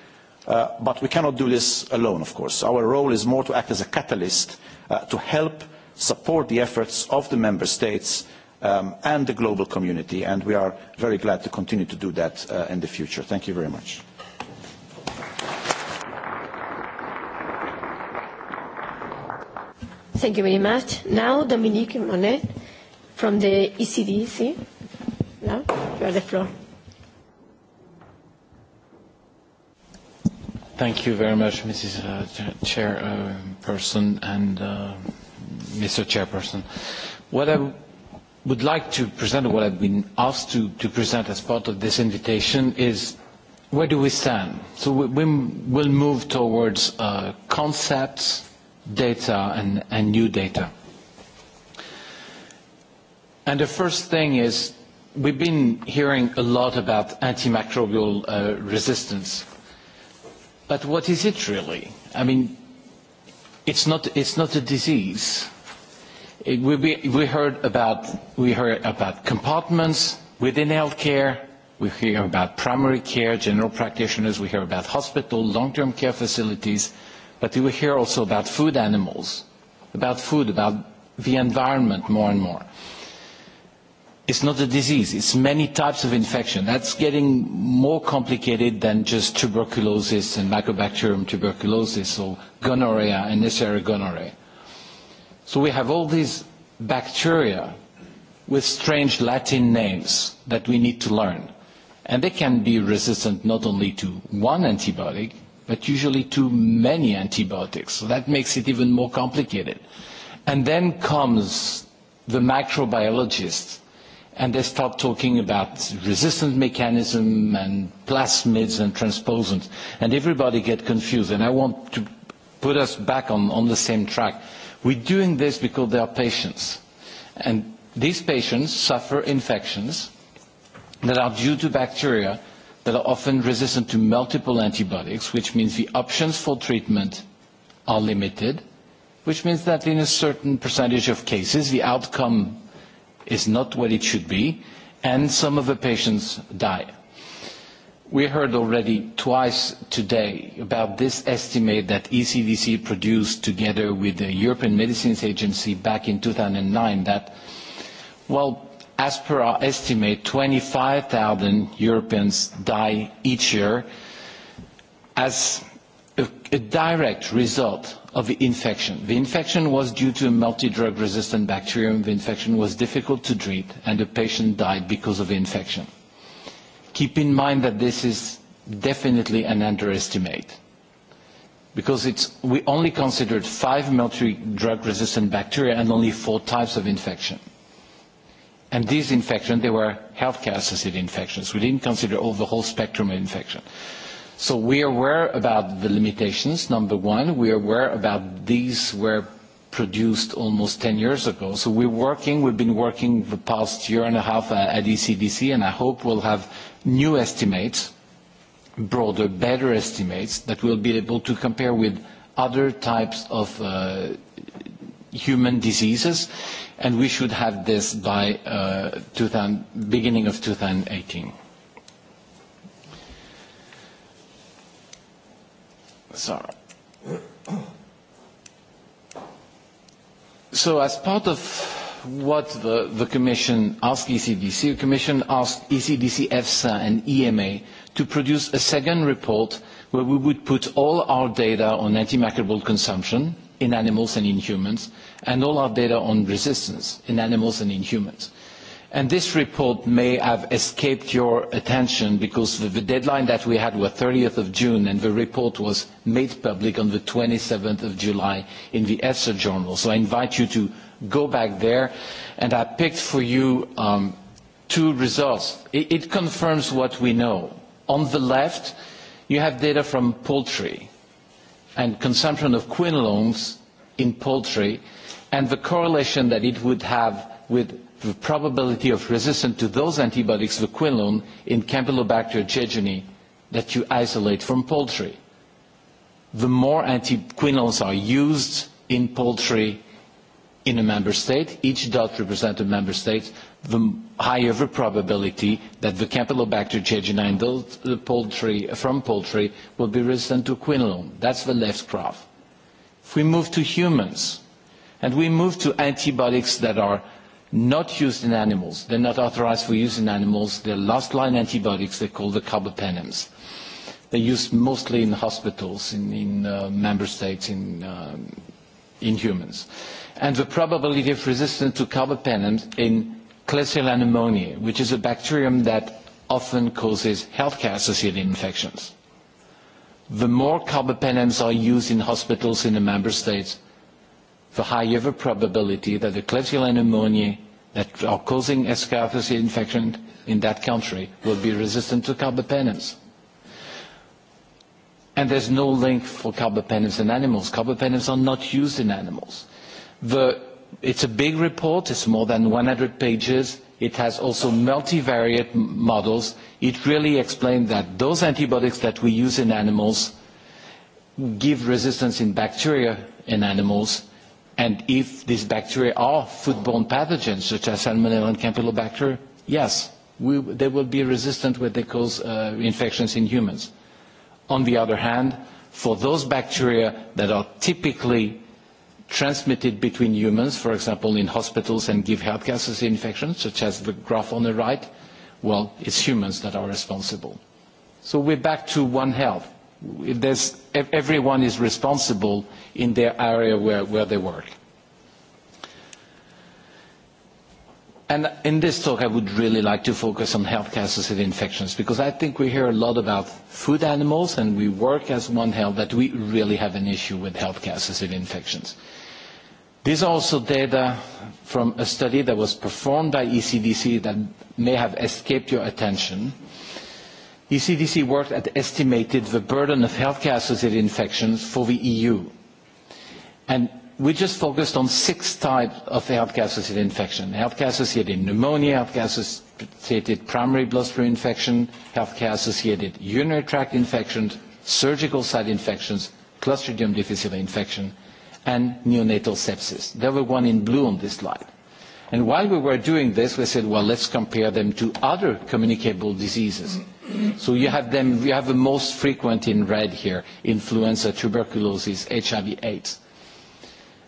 uh, but we cannot do this alone, of course. Our role is more to act as a catalyst uh, to help support the efforts of the Member States um, and the global community, and we are very glad to continue to do that uh, in the future. Thank you very much. Thank you very much. Now, Dominique Monet from the ECDC. Now, you have the floor. Thank you very much, Mrs. Uh, Chairperson uh, and uh, Mr. Chairperson. What I would like to present, what I've been asked to, to present as part of this invitation is where do we stand? So we, we will move towards uh, concepts, data and, and new data. And the first thing is we've been hearing a lot about antimicrobial uh, resistance. But what is it really? I mean, it's not, it's not a disease. It, we, we, heard about, we heard about compartments within healthcare. We hear about primary care, general practitioners. We hear about hospital, long-term care facilities. But you hear also about food animals, about food, about the environment more and more. It's not a disease, it's many types of infection. That's getting more complicated than just tuberculosis and Mycobacterium tuberculosis or gonorrhea and necessary gonorrhea. So we have all these bacteria with strange Latin names that we need to learn. And they can be resistant not only to one antibiotic, but usually too many antibiotics. So that makes it even more complicated. And then comes the microbiologists, and they start talking about resistance mechanism and plasmids and transposons, and everybody get confused. And I want to put us back on, on the same track. We're doing this because they are patients, and these patients suffer infections that are due to bacteria that are often resistant to multiple antibiotics, which means the options for treatment are limited, which means that in a certain percentage of cases, the outcome is not what it should be, and some of the patients die. We heard already twice today about this estimate that ECDC produced together with the European Medicines Agency back in 2009 that, well, As per our estimate, 25,000 Europeans die each year as a, a direct result of the infection. The infection was due to a multi-drug resistant bacterium. The infection was difficult to treat and the patient died because of the infection. Keep in mind that this is definitely an underestimate because it's, we only considered five multi-drug resistant bacteria and only four types of infection. And these infections, they were healthcare-associated infections. We didn't consider all the whole spectrum of infection. So we are aware about the limitations, number one. We are aware about these were produced almost 10 years ago. So we're working, we've been working the past year and a half uh, at ECDC, and I hope we'll have new estimates, broader, better estimates that we'll be able to compare with other types of uh, human diseases, and we should have this by uh, 2000, beginning of 2018. Sorry. So as part of what the, the Commission asked ECDC, the Commission asked ECDC, EFSA and EMA to produce a second report where we would put all our data on antimicrobial consumption in animals and in humans and all our data on resistance in animals and in humans. And this report may have escaped your attention because the, the deadline that we had was 30th of June and the report was made public on the 27th of July in the EFSA journal. So I invite you to go back there and I picked for you um, two results. It, it confirms what we know. On the left, you have data from poultry and consumption of quinolones in poultry and the correlation that it would have with the probability of resistance to those antibiotics, the quinolone, in Campylobacter jejuni that you isolate from poultry. The more antiquinolones are used in poultry in a member state, each dot represents a member state, the higher the probability that the Campylobacter jejuni in those, the poultry, from poultry will be resistant to quinolone. That's the left graph. If we move to humans, And we moved to antibiotics that are not used in animals. They're not authorized for use in animals. They're last line antibiotics. They're called the carbapenems. They're used mostly in hospitals, in, in uh, member states, in, um, in humans. And the probability of resistance to carbapenems in Klebsiella pneumoniae, which is a bacterium that often causes healthcare-associated infections. The more carbapenems are used in hospitals in the member states, the higher the probability that the Klebsiella pneumoniae that are causing Escaris infection in that country will be resistant to carbapenems. And there's no link for carbapenems in animals. Carbapenems are not used in animals. The, it's a big report. It's more than 100 pages. It has also multivariate models. It really explained that those antibiotics that we use in animals give resistance in bacteria in animals And if these bacteria are foodborne pathogens, such as Salmonella and Campylobacter, yes, we, they will be resistant when they cause uh, infections in humans. On the other hand, for those bacteria that are typically transmitted between humans, for example, in hospitals and give healthcare-associated infections, such as the graph on the right, well, it's humans that are responsible. So we're back to One Health there's, everyone is responsible in their area where, where they work. And in this talk, I would really like to focus on health-associated infections because I think we hear a lot about food animals, and we work as One Health that we really have an issue with health-associated infections. These are also data from a study that was performed by ECDC that may have escaped your attention. Uh, ECDC worked at estimated the burden of healthcare-associated infections for the EU. And we just focused on six types of healthcare-associated infection. Healthcare-associated pneumonia, healthcare-associated primary bloodstream infection, healthcare-associated urinary tract infections, surgical site infections, Clostridium difficile infection, and neonatal sepsis. There were one in blue on this slide. And while we were doing this, we said, well, let's compare them to other communicable diseases. Mm-hmm So you have them, you have the most frequent in red here, influenza, tuberculosis, HIV, AIDS.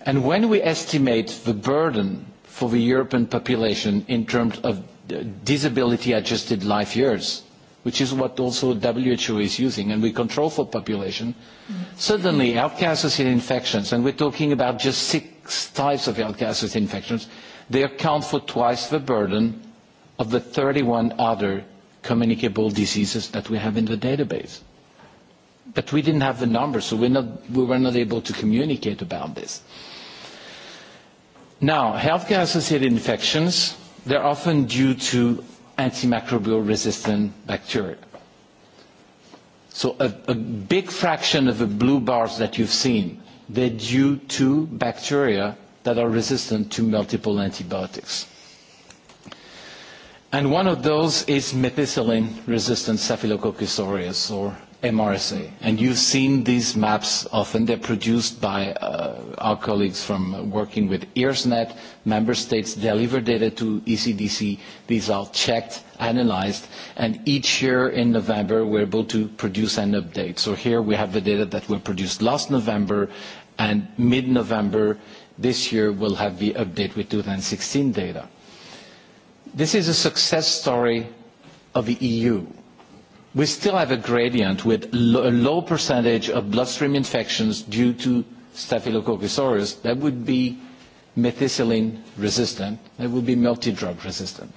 And when we estimate the burden for the European population in terms of uh, disability-adjusted life years, which is what also WHO is using, and we control for population, mm-hmm. suddenly healthcare-associated infections, and we're talking about just six types of healthcare-associated infections, they account for twice the burden of the 31 other communicable diseases that we have in the database. But we didn't have the numbers, so we're not, we were not able to communicate about this. Now, healthcare-associated infections, they're often due to antimicrobial-resistant bacteria. So a, a big fraction of the blue bars that you've seen, they're due to bacteria that are resistant to multiple antibiotics. And one of those is methicillin-resistant Staphylococcus aureus, or MRSA. And you've seen these maps often. They're produced by uh, our colleagues from working with EARSnet. Member states deliver data to ECDC. These are checked, analyzed, and each year in November, we're able to produce an update. So here we have the data that were produced last November, and mid-November this year, we'll have the update with 2016 data. This is a success story of the EU. We still have a gradient with lo a low percentage of bloodstream infections due to Staphylococcus aureus that would be methicillin resistant, that would be multi-drug resistant.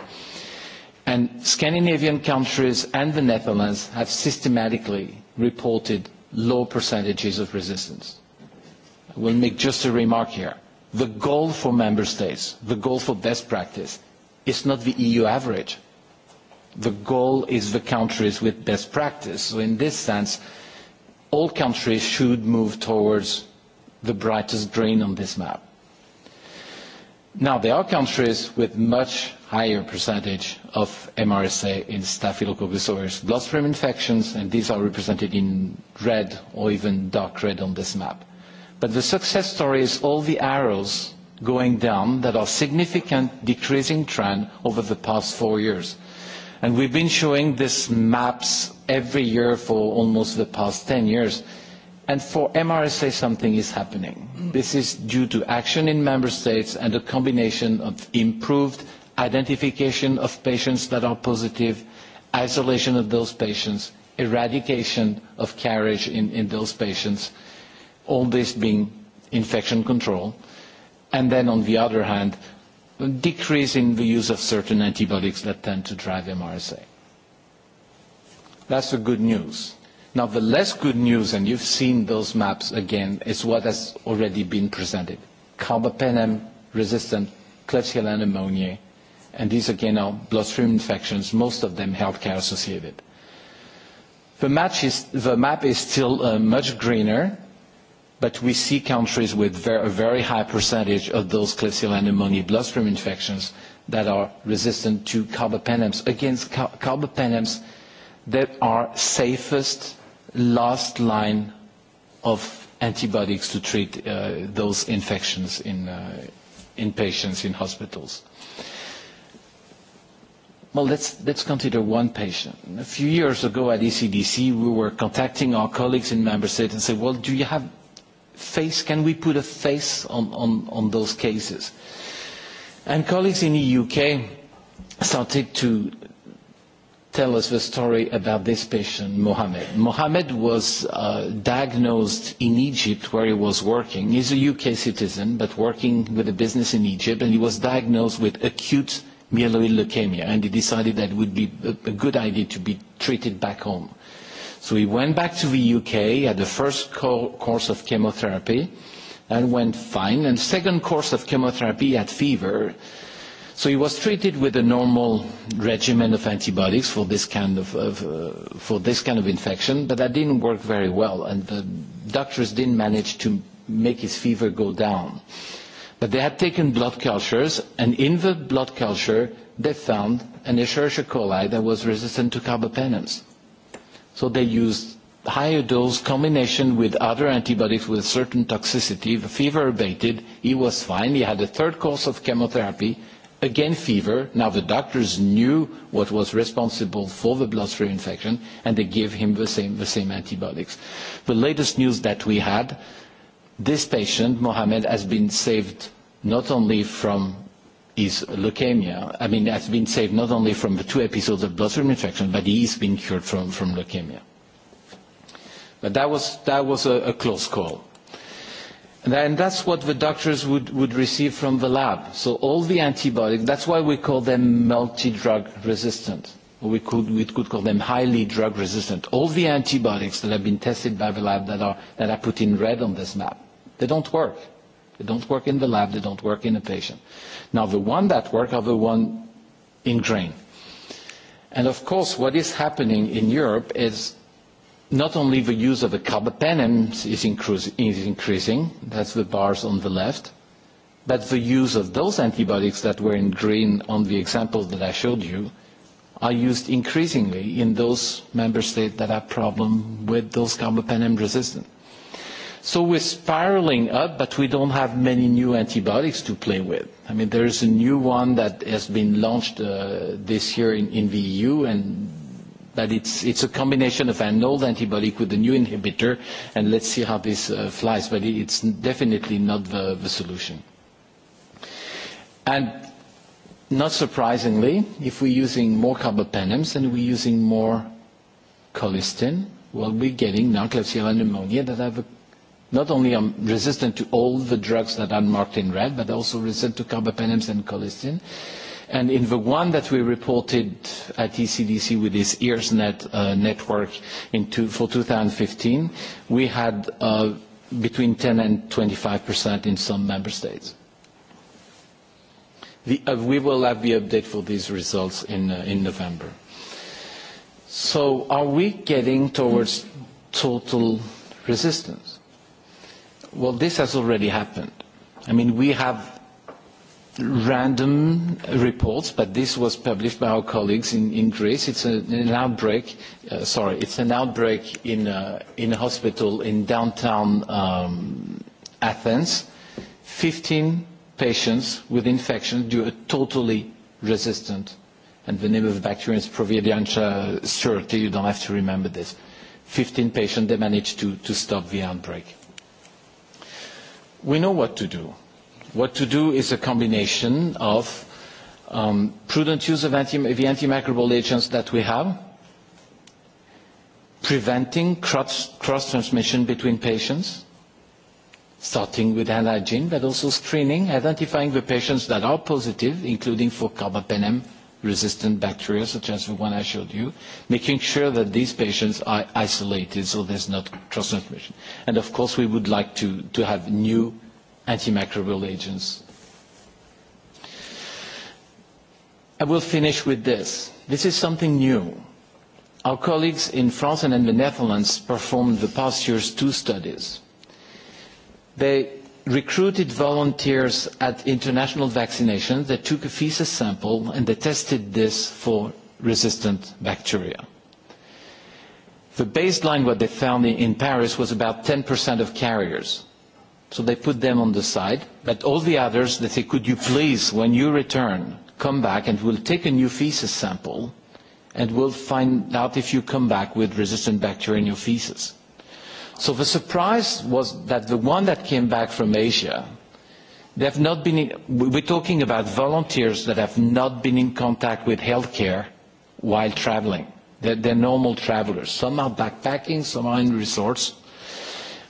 And Scandinavian countries and the Netherlands have systematically reported low percentages of resistance. I will make just a remark here. The goal for member states, the goal for best practice is not the EU average. The goal is the countries with best practice. So in this sense, all countries should move towards the brightest green on this map. Now, there are countries with much higher percentage of MRSA in Staphylococcus aureus bloodstream infections, and these are represented in red or even dark red on this map. But the success story is all the arrows going down that are significant decreasing trend over the past four years. And we've been showing these maps every year for almost the past 10 years. And for MRSA, something is happening. This is due to action in member states and a combination of improved identification of patients that are positive, isolation of those patients, eradication of carriage in, in those patients, all this being infection control. Uh, and then on the other hand, a decrease in the use of certain antibiotics that tend to drive MRSA. That's the good news. Now, the less good news, and you've seen those maps again, is what has already been presented. Carbapenem-resistant Klebsiella pneumoniae, and these again are bloodstream infections, most of them healthcare-associated. The, the map is still uh, much greener, but we see countries with ver a very high percentage of those Klebsiella pneumoniae bloodstream infections that are resistant to carbapenems, against car carbapenems that are safest last line of antibiotics to treat uh, those infections in, uh, in patients in hospitals. Well, let's, let's consider one patient. A few years ago at ECDC, we were contacting our colleagues in member states and say, well, do you have face, can we put a face on, on, on those cases? And colleagues in the UK started to tell us the story about this patient, Mohammed. Mohammed was uh, diagnosed in Egypt where he was working. He's a UK citizen, but working with a business in Egypt, and he was diagnosed with acute myeloid leukemia, and he decided that it would be a, a good idea to be treated back home. Uh, So he went back to the UK, had the first co- course of chemotherapy, and went fine. And second course of chemotherapy had fever. So he was treated with a normal regimen of antibiotics for this kind of, of uh, for this kind of infection, but that didn't work very well, and the doctors didn't manage to make his fever go down. But they had taken blood cultures, and in the blood culture, they found an Escherichia coli that was resistant to carbapenems. So they used higher dose combination with other antibodies with certain toxicity. The fever abated. He was fine. He had a third course of chemotherapy. Again, fever. Now the doctors knew what was responsible for the bloodstream infection, and they gave him the same, the same antibiotics. The latest news that we had, this patient, Mohammed, has been saved not only from is leukemia. I mean, has been saved not only from the two episodes of blood-borne infection, but he's been cured from, from leukemia. But that was, that was a, a close call. And, and that's what the doctors would, would receive from the lab. So all the antibiotics, that's why we call them multi-drug resistant. We could, we could call them highly drug resistant. All the antibiotics that have been tested by the lab that are, that are put in red on this map, they don't work They don't work in the lab. They don't work in a patient. Now, the one that work are the one in grain. And of course, what is happening in Europe is not only the use of the carbapenem is, increase, is increasing, that's the bars on the left, but the use of those antibiotics that were in green on the example that I showed you are used increasingly in those member states that have problem with those carbapenem resistant. So we're spiraling up, but we don't have many new antibiotics to play with. I mean, there is a new one that has been launched uh, this year in, in the EU, and but it's, it's a combination of an old antibiotic with a new inhibitor, and let's see how this uh, flies. But it's definitely not the, the solution. And not surprisingly, if we're using more carbapenems and we're using more colistin, well, we're getting non-Klebsiella pneumonia that have a not only are resistant to all the drugs that are marked in red, but also resistant to carbapenems and colistin. And in the one that we reported at ECDC with this EARSnet uh, network in two, for 2015, we had uh, between 10 and 25% in some member states. The, uh, we will have the update for these results in, uh, in November. So are we getting towards total resistance? Well, this has already happened. I mean, we have random reports, but this was published by our colleagues in, in Greece. It's a, an outbreak, uh, sorry, it's an outbreak in, uh, in a hospital in downtown um, Athens. 15 patients with infection due to totally resistant, and the name of the bacterium is Providentia certi, you don't have to remember this. 15 patients, they managed to, to stop the outbreak. We know what to do. What to do is a combination of um, prudent use of anti the antimicrobial agents that we have, preventing cross-transmission cross between patients, starting with hand hygiene, but also screening, identifying the patients that are positive, including for carbapenem resistant bacteria, such as the one I showed you, making sure that these patients are isolated so there's not cross transmission. And of course, we would like to, to have new antimicrobial agents. I will finish with this. This is something new. Our colleagues in France and in the Netherlands performed the past year's two studies. They recruited volunteers at international vaccination that took a feces sample and they tested this for resistant bacteria. The baseline, what they found in Paris, was about 10% of carriers. So they put them on the side, but all the others, they say, could you please, when you return, come back and we'll take a new feces sample and we'll find out if you come back with resistant bacteria in your feces. So the surprise was that the one that came back from Asia, they have not been in, we're talking about volunteers that have not been in contact with healthcare while traveling. They're, they're normal travelers. Some are backpacking, some are in resorts.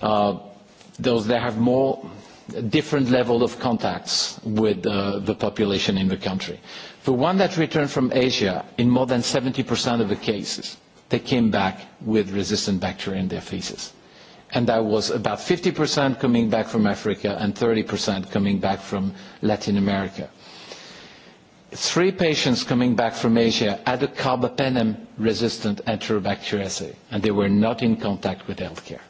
Uh, those that have more different level of contacts with uh, the population in the country. The one that returned from Asia, in more than 70% of the cases, they came back with resistant bacteria in their feces and that was about 50% coming back from Africa and 30% coming back from Latin America. Three patients coming back from Asia had a carbapenem-resistant enterobacteriaceae, and they were not in contact with healthcare.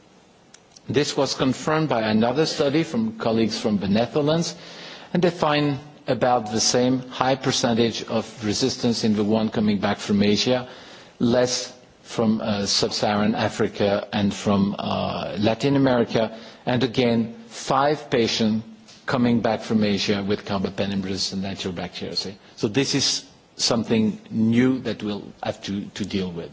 This was confirmed by another study from colleagues from the Netherlands, and they find about the same high percentage of resistance in the one coming back from Asia, less from uh, sub-Saharan Africa and from uh, Latin America, and again, five patients coming back from Asia with carbapenems and enterobacteriaceae. So this is something new that we'll have to, to deal with.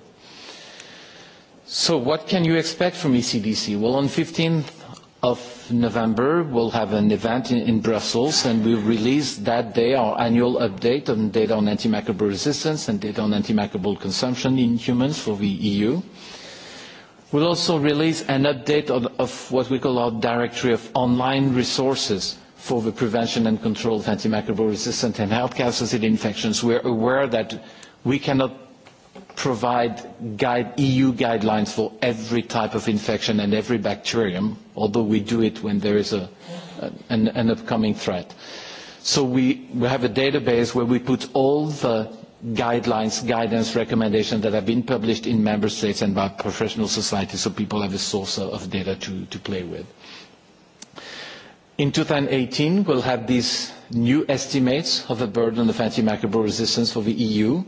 So what can you expect from ECDC? Well, on 15th of November, we'll have an event in, in Brussels, and we'll release that day our annual update on data on antimicrobial resistance and data on antimicrobial consumption in humans for the EU. We'll also release an update of, of what we call our directory of online resources for the prevention and control of antimicrobial resistant and healthcare-associated infections. We're aware that we cannot provide guide, EU guidelines for every type of infection and every bacterium, although we do it when there is a, an, an upcoming threat. So we, we have a database where we put all the guidelines, guidance, recommendations that have been published in member states and by professional societies, so people have a source of data to, to play with. In 2018, we'll have these new estimates of the burden of antimicrobial resistance for the EU.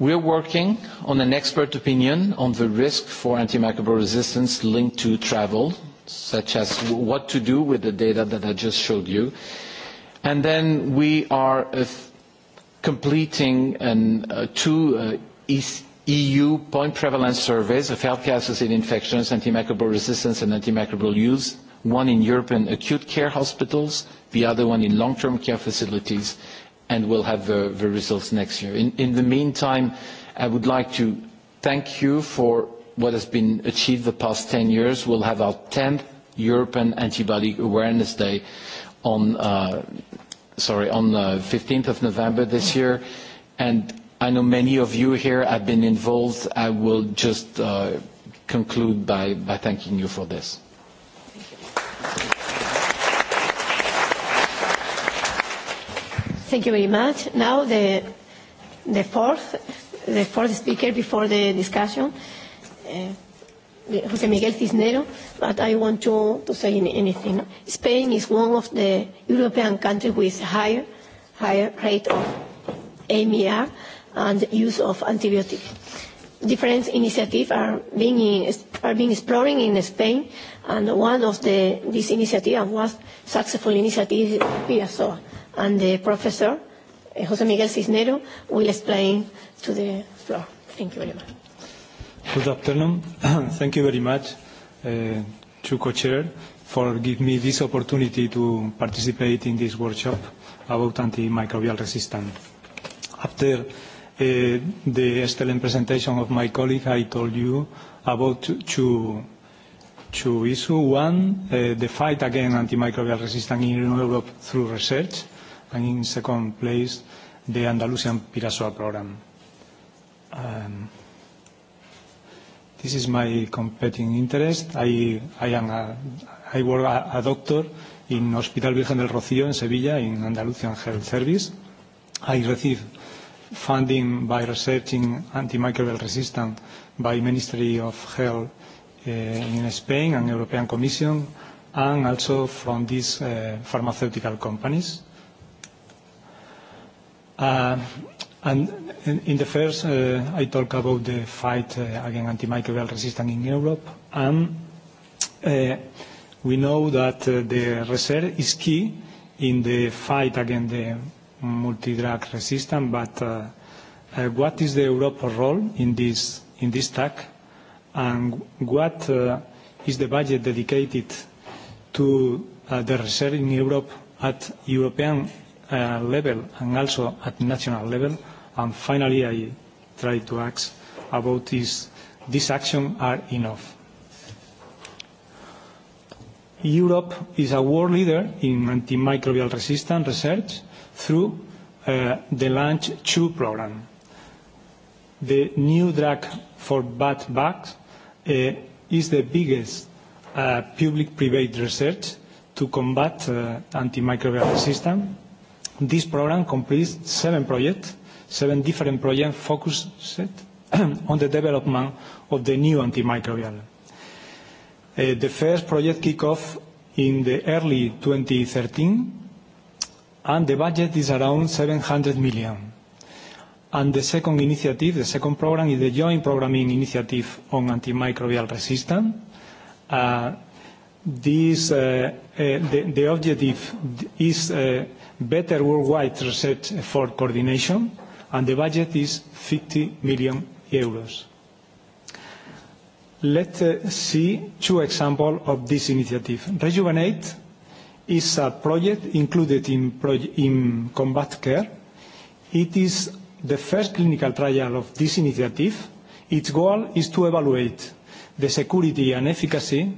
We're working on an expert opinion on the risk for antimicrobial resistance linked to travel, such as what to do with the data that I just showed you. And then we are uh, completing an, uh, two uh, EU point prevalence surveys of healthcare-associated infections, antimicrobial resistance, and antimicrobial use, one in European acute care hospitals, the other one in long-term care facilities, uh, and we'll have the, the results next year. In, in the meantime, I would like to thank you for what has been achieved the past 10 years. We'll have our 10th European Antibiotic Awareness Day on, uh, sorry, on the 15th of November this year. And I know many of you here have been involved. I will just uh, conclude by, by thanking you for this. Thank you. Thank you very much. Now the, the, fourth, the fourth speaker before the discussion, uh, Jose Miguel Cisnero, but I want to, to say anything. Spain is one of the European countries with higher, higher rate of AMR and use of antibiotics. Different initiatives are being, in, are being exploring in Spain, and one of the, these initiatives was successful initiative Piazoa and the professor, eh, José Miguel Cisnero, will explain to the floor. Thank you very much. Good afternoon. Thank you very much uh, to co-chair for giving me this opportunity to participate in this workshop about antimicrobial resistance. After Uh, the excellent presentation of my colleague, I told you about two, two issues. One, uh, the fight against antimicrobial resistance in Europe through research, and in second place, the Andalusian Pirasoa program. Um, this is my competing interest. I, I, am a, I work a, a doctor in Hospital Virgen del Rocío in Sevilla, in Andalusian Health Service. I receive funding by researching antimicrobial resistance by Ministry of Health uh, in Spain and European Commission, and also from these uh, pharmaceutical companies. Uh, and in the first, uh, I talk about the fight uh, against antimicrobial resistance in Europe. And uh, we know that uh, the research is key in the fight against the multi-drug resistance, but uh, uh, what is the Europe's role in this, in this tag? And what uh, is the budget dedicated to uh, the research in Europe at European uh, level and also at national level. And finally, I try to ask about is these actions are enough. Europe is a world leader in antimicrobial resistant research through uh, the LAUNCH 2 program. The new drug for bad bugs uh, is the biggest uh, public-private research to combat uh, antimicrobial resistance This program comprised seven projects, seven different projects focused on the development of the new antimicrobial. Uh, the first project kicked off in the early 2013, and the budget is around 700 million. And the second initiative, the second program, is the Joint Programming Initiative on Antimicrobial Resistance. Uh, this, uh, uh, the, the objective is uh, better worldwide research effort coordination, and the budget is 50 million euros. Let's uh, see two examples of this initiative. Rejuvenate is a project included in, proje in combat care. It is the first clinical trial of this initiative. Its goal is to evaluate the security and efficacy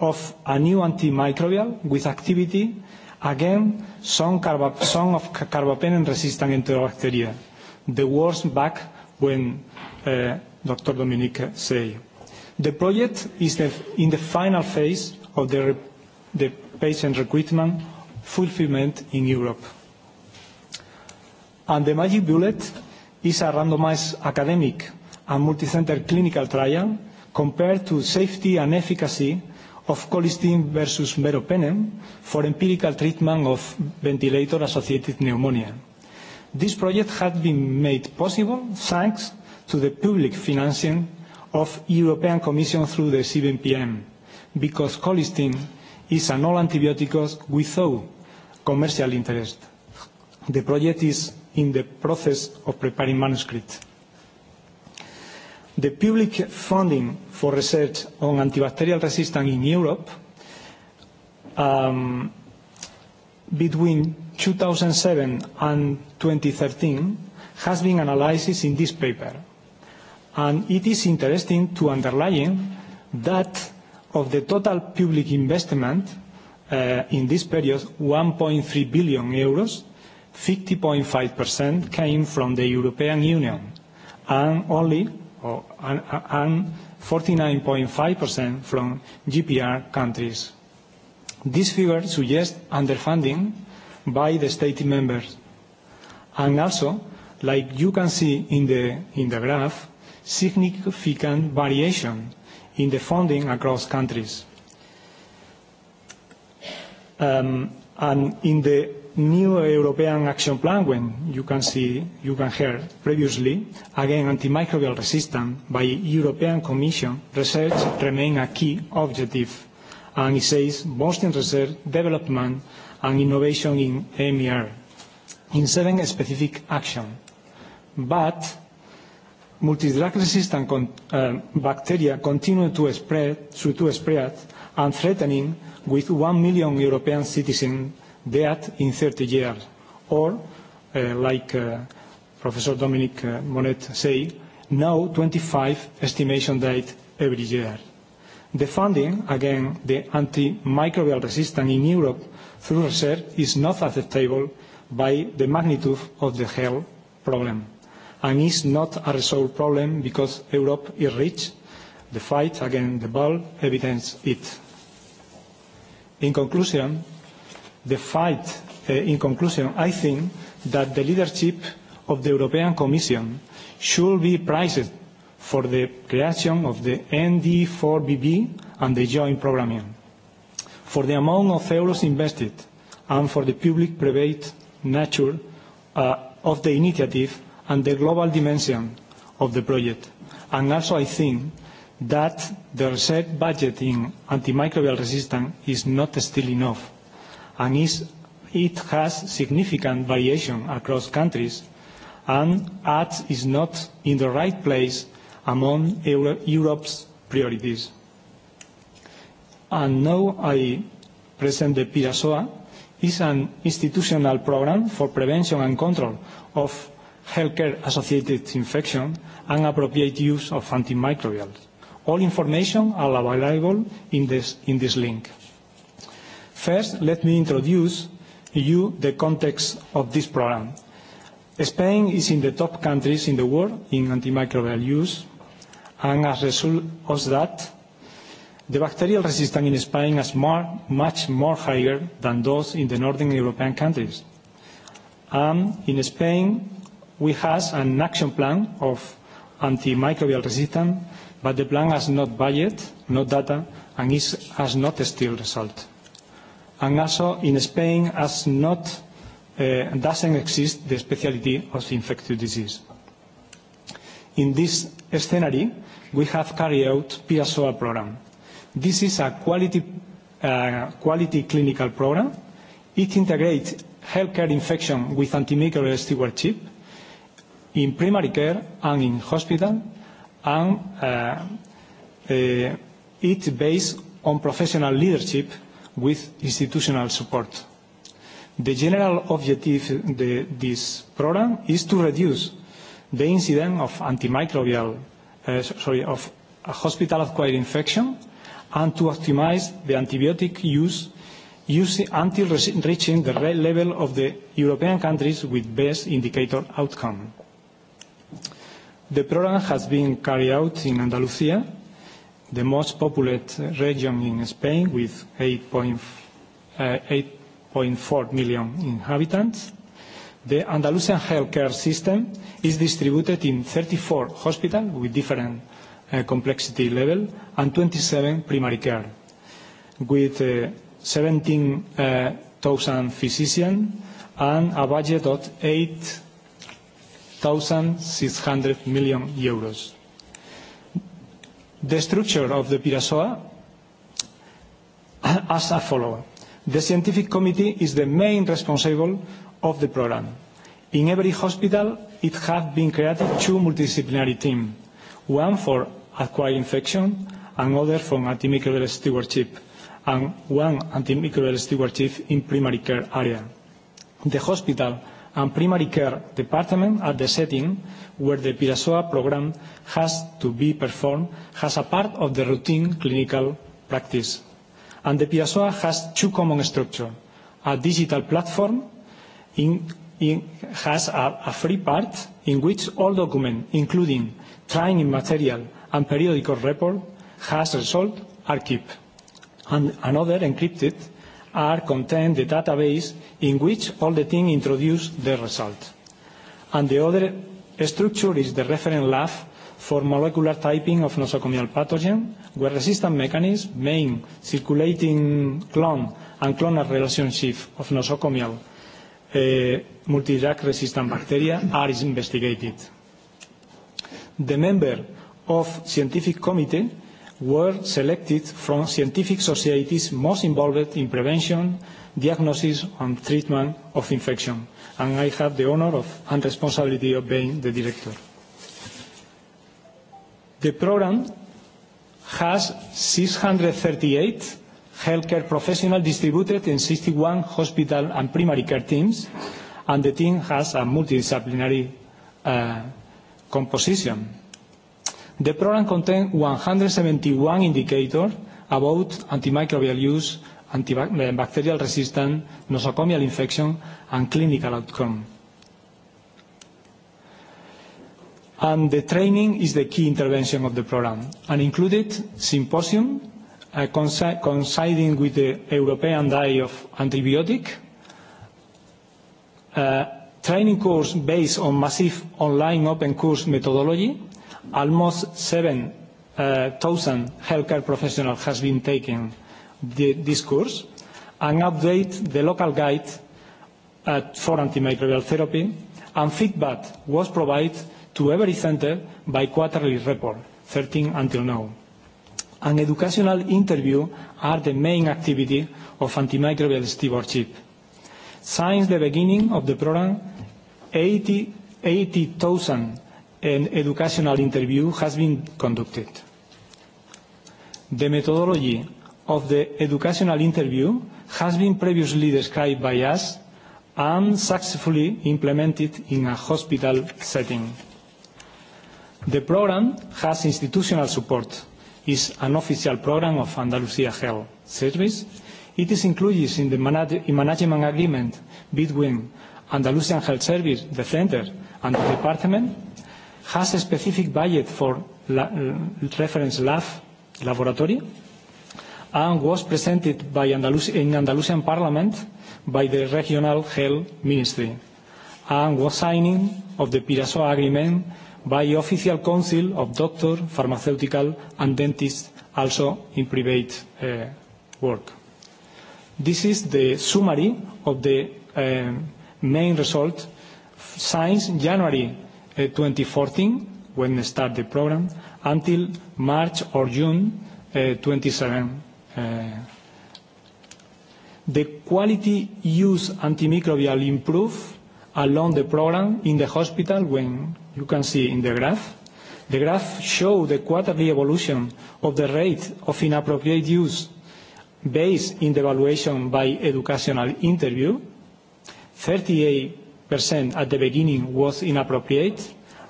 of a new antimicrobial with activity again some, carba, some of carbapenem-resistant enterobacteria, the worst back when uh, Dr. Dominique said. The project is the, in the final phase of the, the patient recruitment fulfillment in Europe. And the magic bullet is a randomized academic and multicenter clinical trial compared to safety and efficacy of colistin versus meropenem for empirical treatment of ventilator-associated pneumonia. This project had been made possible thanks to the public financing of European Commission through the CBMPM, because colistin is an oral antibiotic without commercial interest. The project is in the process of preparing manuscript the public funding for research on antibacterial resistance in Europe um, between 2007 and 2013 has been analyzed in this paper. And it is interesting to underline that of the total public investment uh, in this period, 1.3 billion euros, 50.5% came from the European Union, and only or, and 49.5% from GPR countries. This figure suggests underfunding by the state members. And also, like you can see in the, in the graph, significant variation in the funding across countries. Um, And in the new European Action Plan, when you can see, you can hear previously, again, antimicrobial resistance by European Commission research remain a key objective. And it says boosting research, development, and innovation in MER in seven specific action. But multidrug resistant con uh, bacteria continue to spread, to, to spread and threatening with 1 million European citizens dead in 30 years. Or, uh, like uh, Professor Dominic uh, Monet say, now 25 estimation date every year. The funding, again, the antimicrobial resistance in Europe through research is not acceptable by the magnitude of the health problem and is not a resolved problem because Europe is rich. The fight against the ball evidence it. In conclusion, the fight, uh, in conclusion, I think that the leadership of the European Commission should be prized for the creation of the ND4BB and the joint programming, for the amount of euros invested, and for the public-private nature uh, of the initiative and the global dimension of the project. And also, I think that the research budget in antimicrobial resistance is not still enough, and is, it has significant variation across countries, and ADS is not in the right place among Euro Europe's priorities. And now I present the PIASOA. It's an institutional program for prevention and control of healthcare-associated infection and appropriate use of antimicrobials All information are available in this, in this link. First, let me introduce you the context of this program. Spain is in the top countries in the world in antimicrobial use, and as a result of that, the bacterial resistance in Spain is more, much more higher than those in the northern European countries. Um, in Spain, we have an action plan of antimicrobial resistance but the plan has not budget, no data, and is, has not still result. And also in Spain has not, uh, doesn't exist the speciality of the infectious disease. In this scenario, we have carried out PSOA program. This is a quality, uh, quality clinical program. It integrates healthcare infection with antimicrobial stewardship in primary care and in hospital and uh, uh, it's based on professional leadership with institutional support. The general objective the, this program is to reduce the incidence of antimicrobial, uh, sorry, of a hospital-acquired infection and to optimize the antibiotic use using, until reaching the level of the European countries with best indicator outcome. The program has been carried out in Andalusia, the most populous region in Spain, with 8.4 uh, million inhabitants. The Andalusian healthcare system is distributed in 34 hospitals with different uh, complexity level and 27 primary care, with uh, 17,000 uh, physicians and a budget of 8 1,600 million euros. The structure of the Pirasoa as a follow. The scientific committee is the main responsible of the program. In every hospital, it have been created two multidisciplinary team, one for acquired infection and other for antimicrobial stewardship, and one antimicrobial stewardship in primary care area. The hospital and primary care department are the setting where the Pirasoa program has to be performed as a part of the routine clinical practice. And the Pirasoa has two common structures. A digital platform in, in, has a, a free part in which all documents, including training material and periodical report, has result are kept. And another encrypted are contained the database in which all the team introduce the result. And the other structure is the reference lab for molecular typing of nosocomial pathogen, where resistance mechanism, main circulating clone and clonal relationship of nosocomial uh, multidrug resistant bacteria are investigated. The member of scientific committee were selected from scientific societies most involved in prevention, diagnosis and treatment of infection, and I have the honor of, and responsibility of being the director. The program has 638 healthcare professionals distributed in 61 hospital and primary care teams, and the team has a multidisciplinary uh, composition The program contains 171 indicators about antimicrobial use, antibacterial resistance, nosocomial infection, and clinical outcome. And the training is the key intervention of the program and included symposium uh, coinc coinciding with the European Day of Antibiotic, uh, training course based on massive online open course methodology, almost 7,000 uh, healthcare professionals has been taking the, this course and update the local guide uh, for antimicrobial therapy and feedback was provided to every center by quarterly report, 13 until now. An educational interview are the main activity of antimicrobial stewardship. Since the beginning of the program, 80,000 an educational interview has been conducted. The methodology of the educational interview has been previously described by us and successfully implemented in a hospital setting. The program has institutional support, is an official program of Andalusia Health Service. It is included in the manage management agreement between Andalusian Health Service, the center, and the department has a specific budget for la uh, reference lab laboratory and was presented by Andalus in Andalusian Parliament by the Regional Health Ministry and was signing of the Pirasoa Agreement by the Official Council of Doctors, Pharmaceutical and Dentists, also in private uh, work. This is the summary of the um, main result signed January 2014, eh, when they start the program, until March or June 2027. Eh, eh. The quality use antimicrobial improve along the program in the hospital when you can see in the graph. The graph show the quarterly evolution of the rate of inappropriate use based in the evaluation by educational interview. 38 percent at the beginning was inappropriate,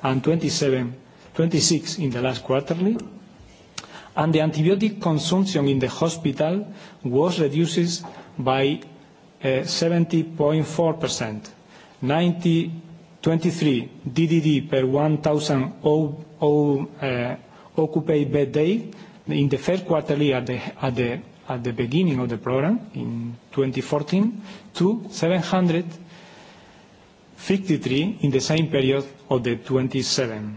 and 27, 26 in the last quarterly. And the antibiotic consumption in the hospital was reduced by uh, 70.4%, 90.23 DDD per 1,000 uh, occupied bed day in the first quarterly at the, at the, at the beginning of the program in 2014 to 700 53 in the same period of the 27.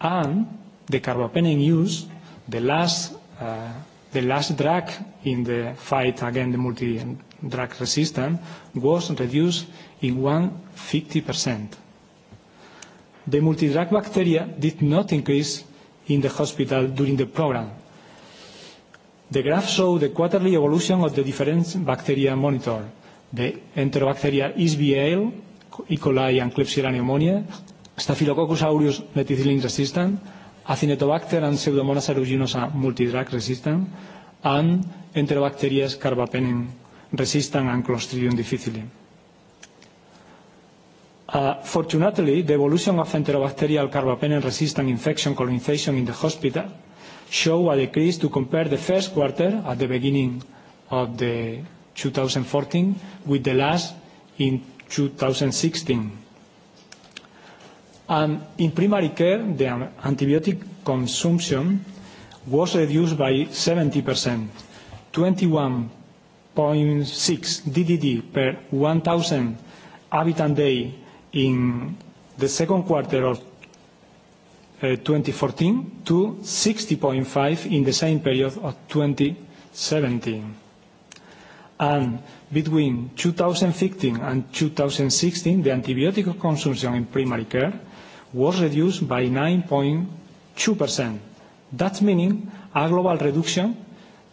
And the carbapenem use, the last, uh, the last drug in the fight against the multi-drug resistant, was reduced in 150%. The multi-drug bacteria did not increase in the hospital during the program. The graph shows the quarterly evolution of the different bacteria monitored. The Enterobacteria ISBL E. coli and Klebsiella pneumoniae, Staphylococcus aureus methicillin resistant, Acinetobacter and Pseudomonas aeruginosa multidrug resistant, and Enterobacterias carbapenem resistant and Clostridium difficile. Uh, fortunately, the evolution of enterobacterial carbapenem-resistant infection colonization in the hospital show a decrease to compare the first quarter at the beginning of the 2014 with the last in 2016. And in primary care, the antibiotic consumption was reduced by 70%, 21.6 DDD per 1,000 inhabitant day in the second quarter of uh, 2014 to 60.5 in the same period of 2017. And between 2015 and 2016, the antibiotic consumption in primary care was reduced by 9.2%. That's meaning a global reduction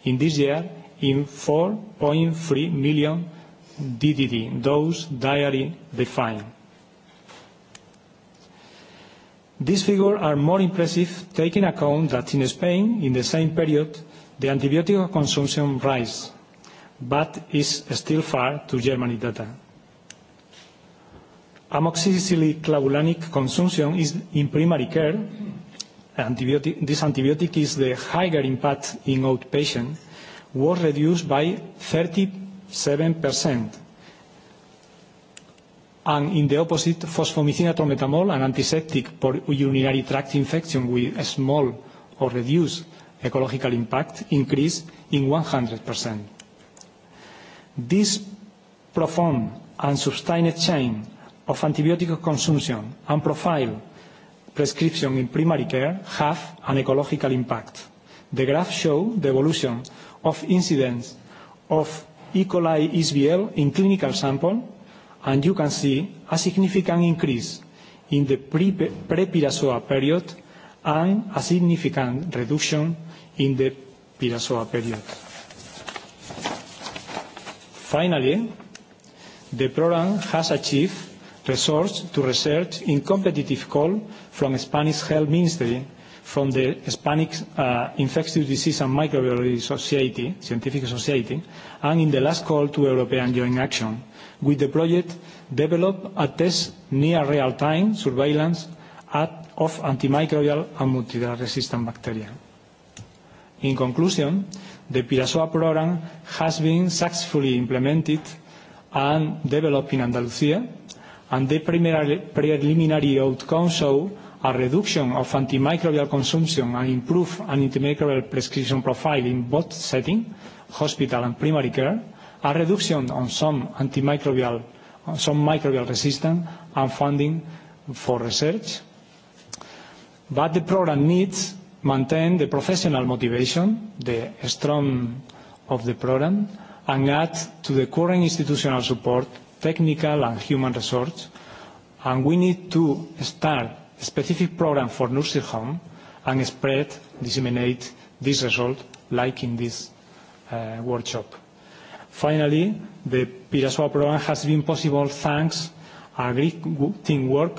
in this year in 4.3 million DDD, those diary defined. These figures are more impressive taking account that in Spain, in the same period, the antibiotic consumption rise but is still far to Germany data. Amoxicillin-clavulanic consumption is in primary care. Antibiotic, this antibiotic is the higher impact in outpatient, was reduced by 37%. And in the opposite, fosfomycin atrometamol, an antiseptic for urinary tract infection with a small or reduced ecological impact, increased in 100%. This profound and sustained change of antibiotic consumption and profile prescription in primary care have an ecological impact. The graph show the evolution of incidence of E. coli ESBL in clinical sample, and you can see a significant increase in the pre-Pirazoa period and a significant reduction in the Pirazoa period. Finally, the program has achieved resource to research in competitive call from Spanish Health Ministry, from the Hispanic uh, Infectious Disease and Microbiology Society, Scientific Society, and in the last call to European Joint Action, with the project develop a test near real-time surveillance at, of antimicrobial and multidrug-resistant bacteria. In conclusion, the Pirasoa program has been successfully implemented and developed in Andalusia, and the preliminary outcome show a reduction of antimicrobial consumption and improve an antimicrobial prescription profile in both setting, hospital and primary care, a reduction on some antimicrobial, some microbial resistance, and funding for research. But the program needs maintain the professional motivation, the strong of the program, and add to the current institutional support, technical and human resource. And we need to start a specific program for nursing home and spread, disseminate this result like in this uh, workshop. Finally, the Pirasua program has been possible thanks to our great teamwork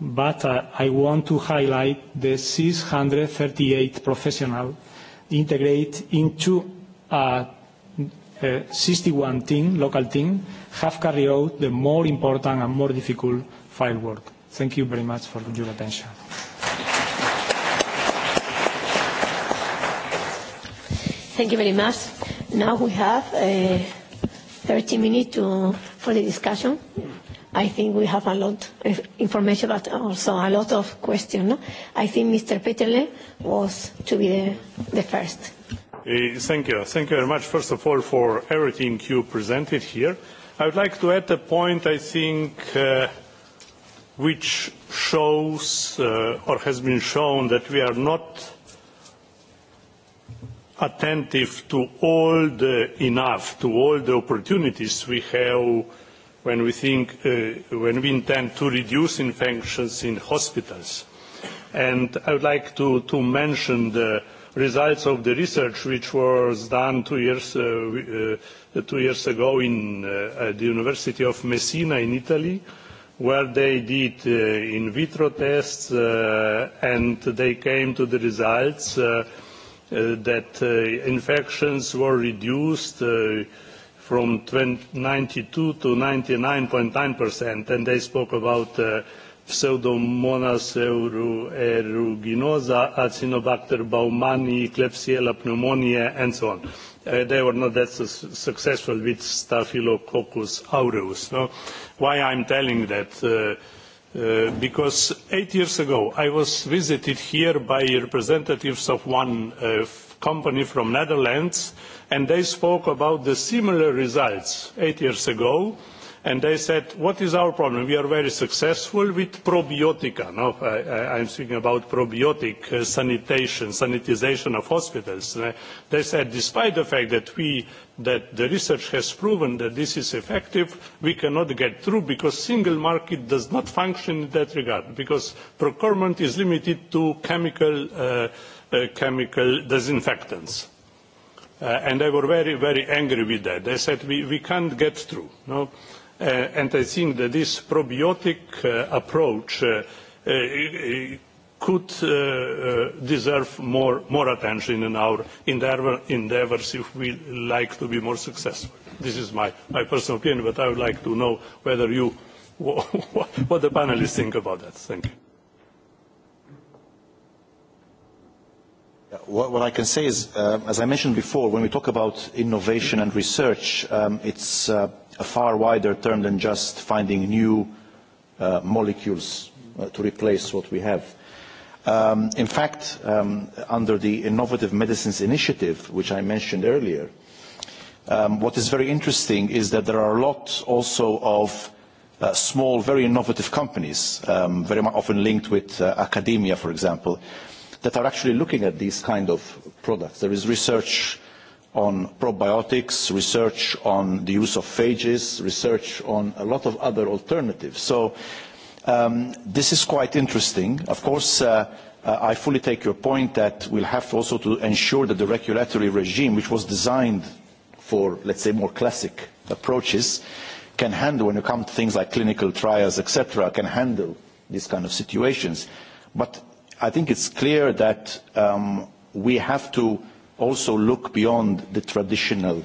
but uh, I want to highlight the 638 professional integrate into a, a 61 team, local team, have carried out the more important and more difficult file work. Thank you very much for your attention. Thank you very much. Now we have uh, 30 minutes to, for the discussion. I think we have a lot of information, but also a lot of questions. No? I think Mr. Peterle was to be the, the first. Uh, thank you. Thank you very much, first of all, for everything you presented here. I would like to add a point, I think, uh, which shows uh, or has been shown that we are not attentive to all the enough, to all the opportunities we have when we think, uh, when we intend to reduce infections in hospitals. And I would like to, to mention the results of the research which was done two years, uh, uh, two years ago in, uh, at the University of Messina in Italy, where they did uh, in vitro tests uh, and they came to the results uh, uh, that uh, infections were reduced uh, from 92 to 99.9%, and they spoke about uh, Pseudomonas aeruginosa, Acinobacter baumannii, Klebsiella pneumoniae, and so on. Uh, they were not that su successful with Staphylococcus aureus. No? Why I'm telling that? Uh, uh, because eight years ago I was visited here by representatives of one uh, company from Netherlands, and they spoke about the similar results eight years ago, and they said, what is our problem? We are very successful with probiotica. No, I, I, I'm speaking about probiotic uh, sanitation, sanitization of hospitals. Uh, they said, despite the fact that we, that the research has proven that this is effective, we cannot get through because single market does not function in that regard because procurement is limited to chemical uh, uh, chemical disinfectants. Uh, and they were very, very angry with that. They said, we, we can't get through. No? Uh, and I think that this probiotic uh, approach uh, uh, could uh, uh, deserve more, more attention in our endeavor, endeavors if we like to be more successful. This is my, my personal opinion, but I would like to know whether you, what the panelists think about that. Thank you. Uh, what, what I can say is, uh, as I mentioned before, when we talk about innovation and research, um, it's uh, a far wider term than just finding new uh, molecules uh, to replace what we have. Um, in fact, um, under the Innovative Medicines Initiative, which I mentioned earlier, um, what is very interesting is that there are a lot also of uh, small, very innovative companies, um, very often linked with uh, academia, for example, uh, that are actually looking at these kind of products. There is research on probiotics, research on the use of phages, research on a lot of other alternatives. So um, this is quite interesting. Of course, uh, uh, I fully take your point that we'll have to also to ensure that the regulatory regime, which was designed for, let's say, more classic approaches, can handle, when you come to things like clinical trials, etc., can handle these kind of situations. But I think it's clear that um, we have to also look beyond the traditional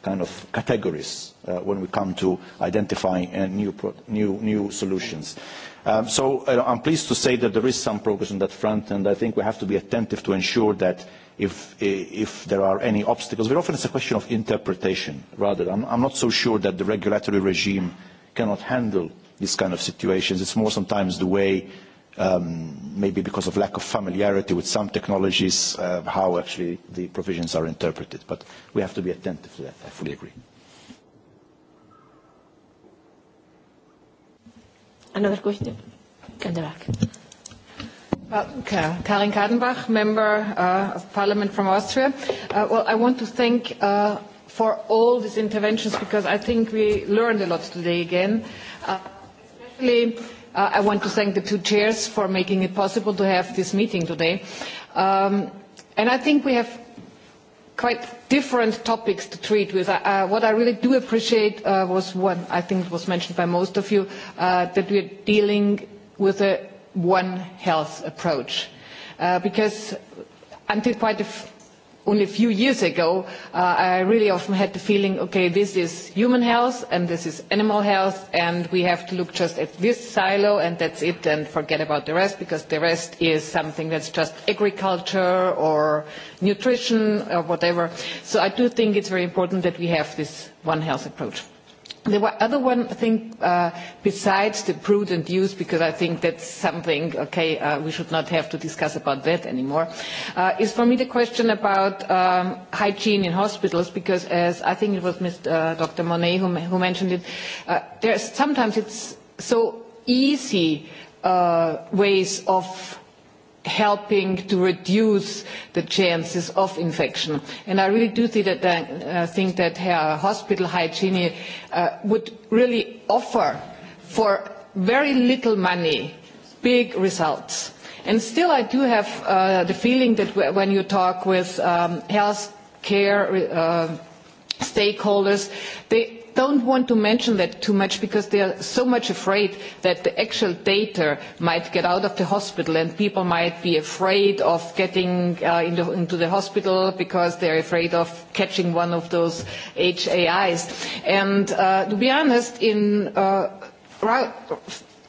kind of categories uh, when we come to identifying uh, new, pro new, new solutions. Um, so uh, I'm pleased to say that there is some progress on that front, and I think we have to be attentive to ensure that if, if there are any obstacles, very often it's a question of interpretation, rather. I'm, I'm not so sure that the regulatory regime cannot handle these kind of situations. It's more sometimes the way um, maybe because of lack of familiarity with some technologies, uh, how actually the provisions are interpreted. But we have to be attentive to that. I fully agree. Another question? In the back. Well, Karin Kadenbach, Member uh, of Parliament from Austria. Uh, well, I want to thank uh, for all these interventions because I think we learned a lot today again, uh, especially Uh, I want to thank the two chairs for making it possible to have this meeting today. Um, and I think we have quite different topics to treat with. Uh, uh what I really do appreciate uh, was one, I think it was mentioned by most of you, uh, that we are dealing with a one health approach. Uh, because until quite a f- only a few years ago, uh, I really often had the feeling, okay, this is human health and this is animal health, and we have to look just at this silo and that's it, and forget about the rest, because the rest is something that's just agriculture or nutrition or whatever. So I do think it's very important that we have this one health approach. There were other one thing uh, besides the prudent use, because I think that's something, okay, uh, we should not have to discuss about that anymore, uh, is for me the question about um, hygiene in hospitals, because as I think it was Mr. Uh, Dr. Monet who, who mentioned it, uh, there's sometimes it's so easy uh, ways of helping to reduce the chances of infection. And I really do think that, uh, think that uh, hospital hygiene uh, would really offer for very little money big results. And still I do have uh, the feeling that w when you talk with um, health care uh, stakeholders, they don't want to mention that too much because they are so much afraid that the actual data might get out of the hospital and people might be afraid of getting uh, into, into the hospital because they're afraid of catching one of those HAIs. And uh, to be honest, in uh,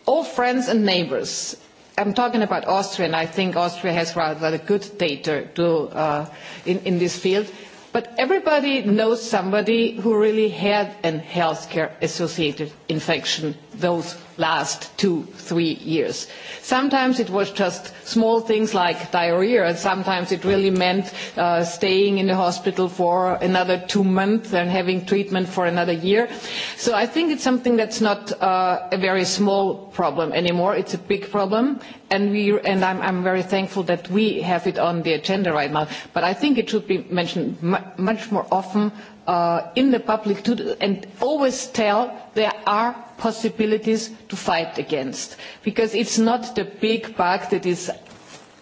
all friends and neighbors, I'm talking about Austria, and I think Austria has rather good data to, uh, in, in this field But everybody knows somebody who really had a healthcare associated infection those last two, three years. Sometimes it was just small things like diarrhea, and sometimes it really meant uh, staying in the hospital for another two months and having treatment for another year. So I think it's something that's not uh, a very small problem anymore. It's a big problem, and, we, and I'm, I'm very thankful that we have it on the agenda right now. But I think it should be mentioned mu much more often uh, in the public to, and always tell there are possibilities to fight against. Because it's not the big bug that is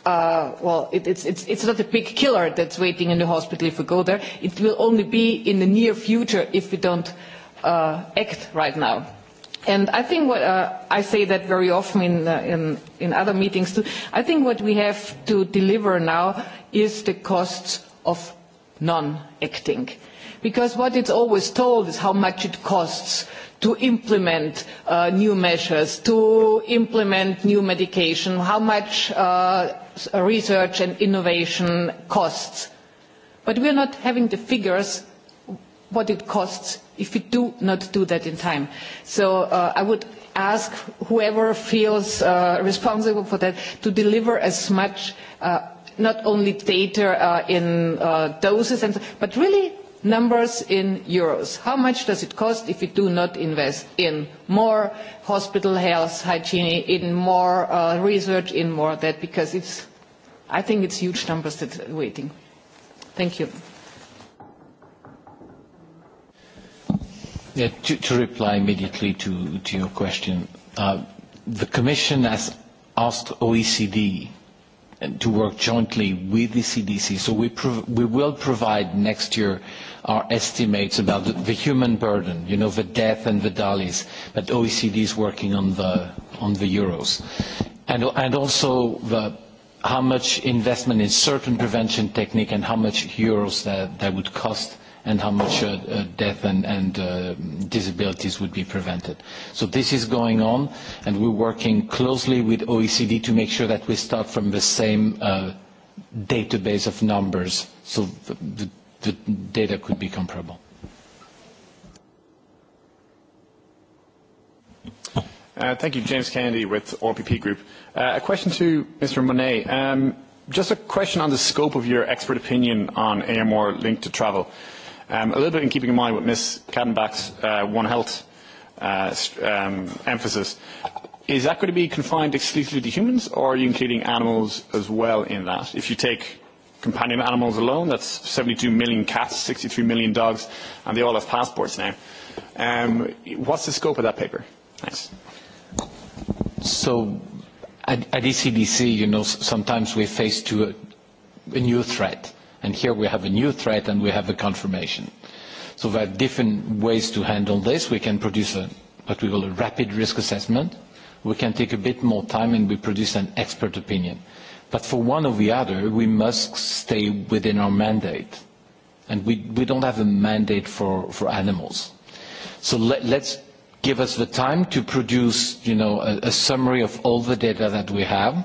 uh, well, it, it's, it's, it's not a big killer that's waiting in the hospital if we go there. It will only be in the near future if we don't uh, act right now. And I think what uh, I say that very often in, uh, in, in other meetings too. I think what we have to deliver now is the costs of non-acting. Uh, because what it's always told is how much it costs to implement uh, new measures, to implement new medication, how much uh, research and innovation costs. But we're not having the figures what it costs if we do not do that in time. So uh, I would ask whoever feels uh, responsible for that to deliver as much, uh, not only data uh, in uh, doses, and, but really numbers in euros. How much does it cost if we do not invest in more hospital health hygiene, in more uh, research, in more that? Because it's, I think it's huge numbers that are waiting. Thank you. Yeah, to, to reply immediately to, to your question, uh, the Commission has asked OECD uh, to work jointly with the CDC. So we, prov- we will provide next year are estimates about the, the human burden, you know, the death and the dalis, but OECD is working on the, on the euros. And, and also the, how much investment in certain prevention technique and how much euros that, that would cost and how much uh, uh, death and, and uh, disabilities would be prevented. So this is going on, and we're working closely with OECD to make sure that we start from the same uh, database of numbers. So the, the the data could be comparable. Uh, thank you. James Kennedy with RPP Group. Uh, a question to Mr. Monet. Um, just a question on the scope of your expert opinion on AMR linked to travel. Um, a little bit in keeping in mind with Ms. Kadenbach's uh, One Health uh, um, emphasis. Is that going to be confined exclusively to humans, or are you including animals as well in that? If you take companion animals alone. That's 72 million cats, 63 million dogs, and they all have passports now. Um, what's the scope of that paper? Thanks. So at, at ECDC, you know, sometimes we face to a, a new threat. And here we have a new threat and we have a confirmation. So there are different ways to handle this. We can produce a, what we call a rapid risk assessment. We can take a bit more time and we produce an expert opinion. Uh, But for one or the other, we must stay within our mandate. And we, we don't have a mandate for, for animals. So let, let's give us the time to produce, you know, a, a summary of all the data that we have,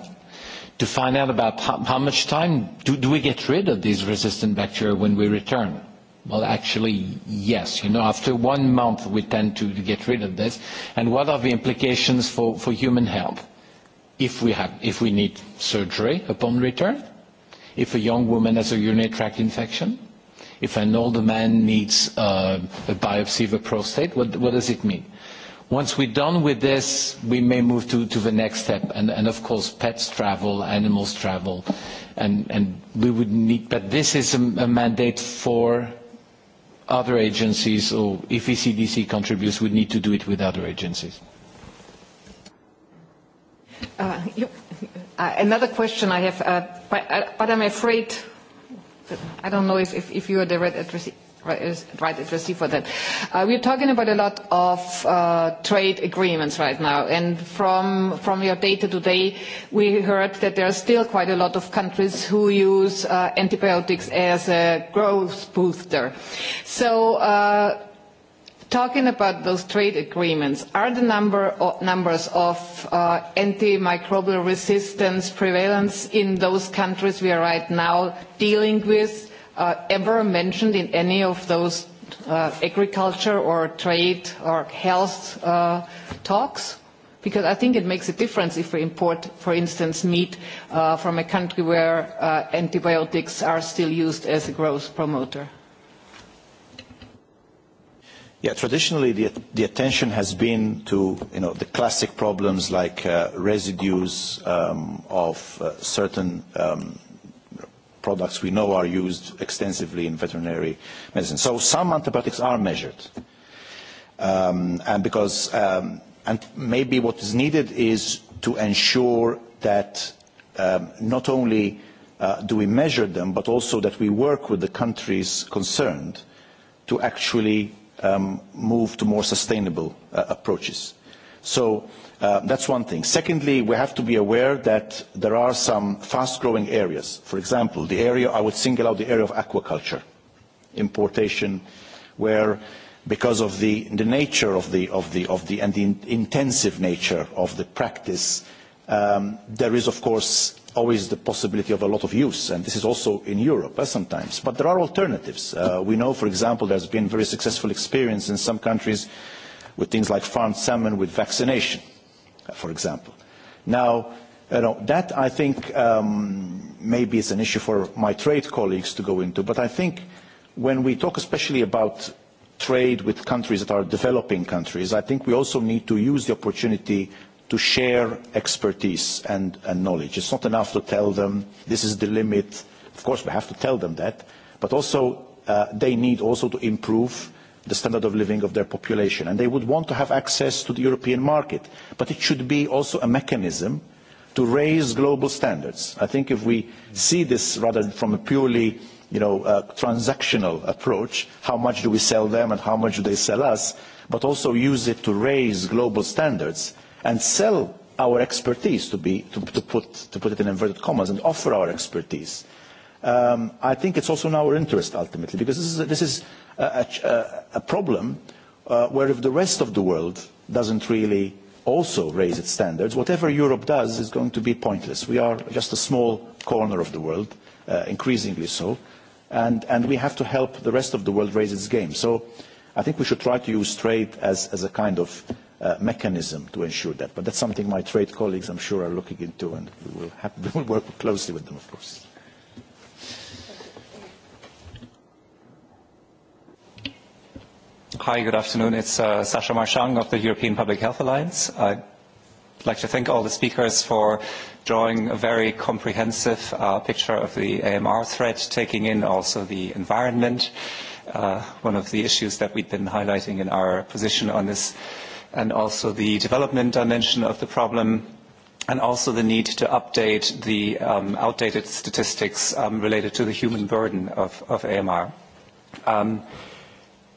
to find out about how, how much time do, do we get rid of these resistant bacteria when we return. Well, actually, yes. You know, after one month, we tend to, to get rid of this. And what are the implications for, for human health? if we, have, if we need surgery upon return, if a young woman has a urinary tract infection, if an older man needs uh, a biopsy of a prostate, what, what does it mean? Once we're done with this, we may move to, to the next step. And, and of course, pets travel, animals travel, and, and we would need, but this is a, a mandate for other agencies, or if ECDC contributes, we need to do it with other agencies. Uh, you, uh, another question I have, uh, but, uh, but I'm afraid, I don't know if, if, if you are the right addressee right addressee for that. Uh, we're talking about a lot of uh, trade agreements right now, and from, from your data today, we heard that there are still quite a lot of countries who use uh, antibiotics as a growth booster. So, uh, Talking about those trade agreements, are the number of, numbers of uh, antimicrobial resistance prevalence in those countries we are right now dealing with uh, ever mentioned in any of those uh, agriculture or trade or health uh, talks? Because I think it makes a difference if we import, for instance, meat uh, from a country where uh, antibiotics are still used as a growth promoter. Yeah, traditionally the, the attention has been to you know, the classic problems like uh, residues um, of uh, certain um, products we know are used extensively in veterinary medicine. So some antibiotics are measured. Um, and because um, and maybe what is needed is to ensure that um, not only uh, do we measure them, but also that we work with the countries concerned to actually um, move to more sustainable uh, approaches. So uh, that's one thing. Secondly, we have to be aware that there are some fast-growing areas. For example, the area I would single out the area of aquaculture, importation, where because of the, the nature of the, of the, of the, and the in intensive nature of the practice, um, there is, of course, always the possibility of a lot of use, and this is also in Europe uh, sometimes. But there are alternatives. Uh, we know, for example, there's been very successful experience in some countries with things like farmed salmon with vaccination, uh, for example. Now, you know, that I think um, maybe is an issue for my trade colleagues to go into, but I think when we talk especially about trade with countries that are developing countries, I think we also need to use the opportunity to share expertise and, and knowledge. It's not enough to tell them this is the limit. Of course, we have to tell them that, but also uh, they need also to improve the standard of living of their population. And they would want to have access to the European market, but it should be also a mechanism to raise global standards. I think if we see this rather from a purely you know, uh, transactional approach, how much do we sell them and how much do they sell us, but also use it to raise global standards, uh, and sell our expertise, to, be, to, to, put, to put it in inverted commas, and offer our expertise. Um, I think it's also in our interest, ultimately, because this is, a, this is a, a, a problem uh, where if the rest of the world doesn't really also raise its standards, whatever Europe does is going to be pointless. We are just a small corner of the world, uh, increasingly so, and, and we have to help the rest of the world raise its game. So I think we should try to use trade as, as a kind of uh, mechanism to ensure that. But that's something my trade colleagues, I'm sure, are looking into, and we will, have, we will work closely with them, of course. Hi, good afternoon. It's uh, Sasha Marchang of the European Public Health Alliance. I'd like to thank all the speakers for drawing a very comprehensive uh, picture of the AMR threat, taking in also the environment, uh, one of the issues that we've been highlighting in our position on this uh, and also the development dimension of the problem, and also the need to update the um, outdated statistics um, related to the human burden of, of AMR. Um,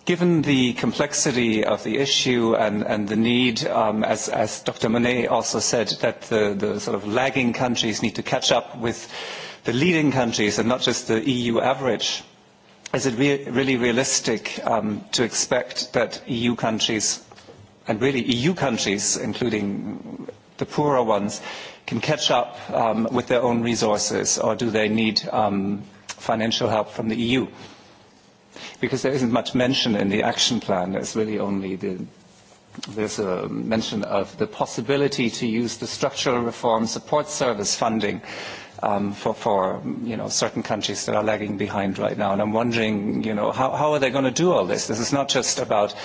Given the complexity of the issue and, and the need, um, as, as Dr. Monet also said, that the, the sort of lagging countries need to catch up with the leading countries and not just the EU average, is it re really realistic um, to expect that EU countries and really EU countries, including the poorer ones, can catch up um, with their own resources, or do they need um, financial help from the EU? Because there isn't much mention in the action plan. There's really only the there's a mention of the possibility to use the structural reform support service funding um, for, for you know, certain countries that are lagging behind right now. And I'm wondering, you know, how, how are they going to do all this? This is not just about uh,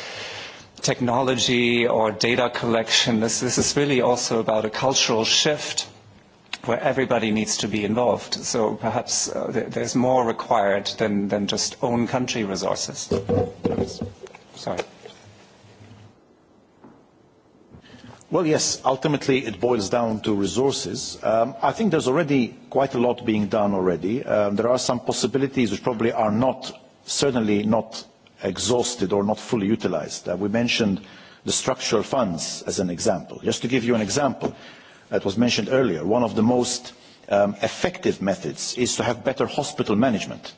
technology or data collection. This, this is really also about a cultural shift where everybody needs to be involved. So perhaps uh, th- there's more required than, than just own country resources. Oops. Sorry. Well, yes, ultimately it boils down to resources. Um, I think there's already quite a lot being done already. Um, there are some possibilities which probably are not, certainly not exhausted or not fully utilized. Uh, we mentioned the structural funds as an example. Just to give you an example that was mentioned earlier, one of the most um, effective methods is to have better hospital management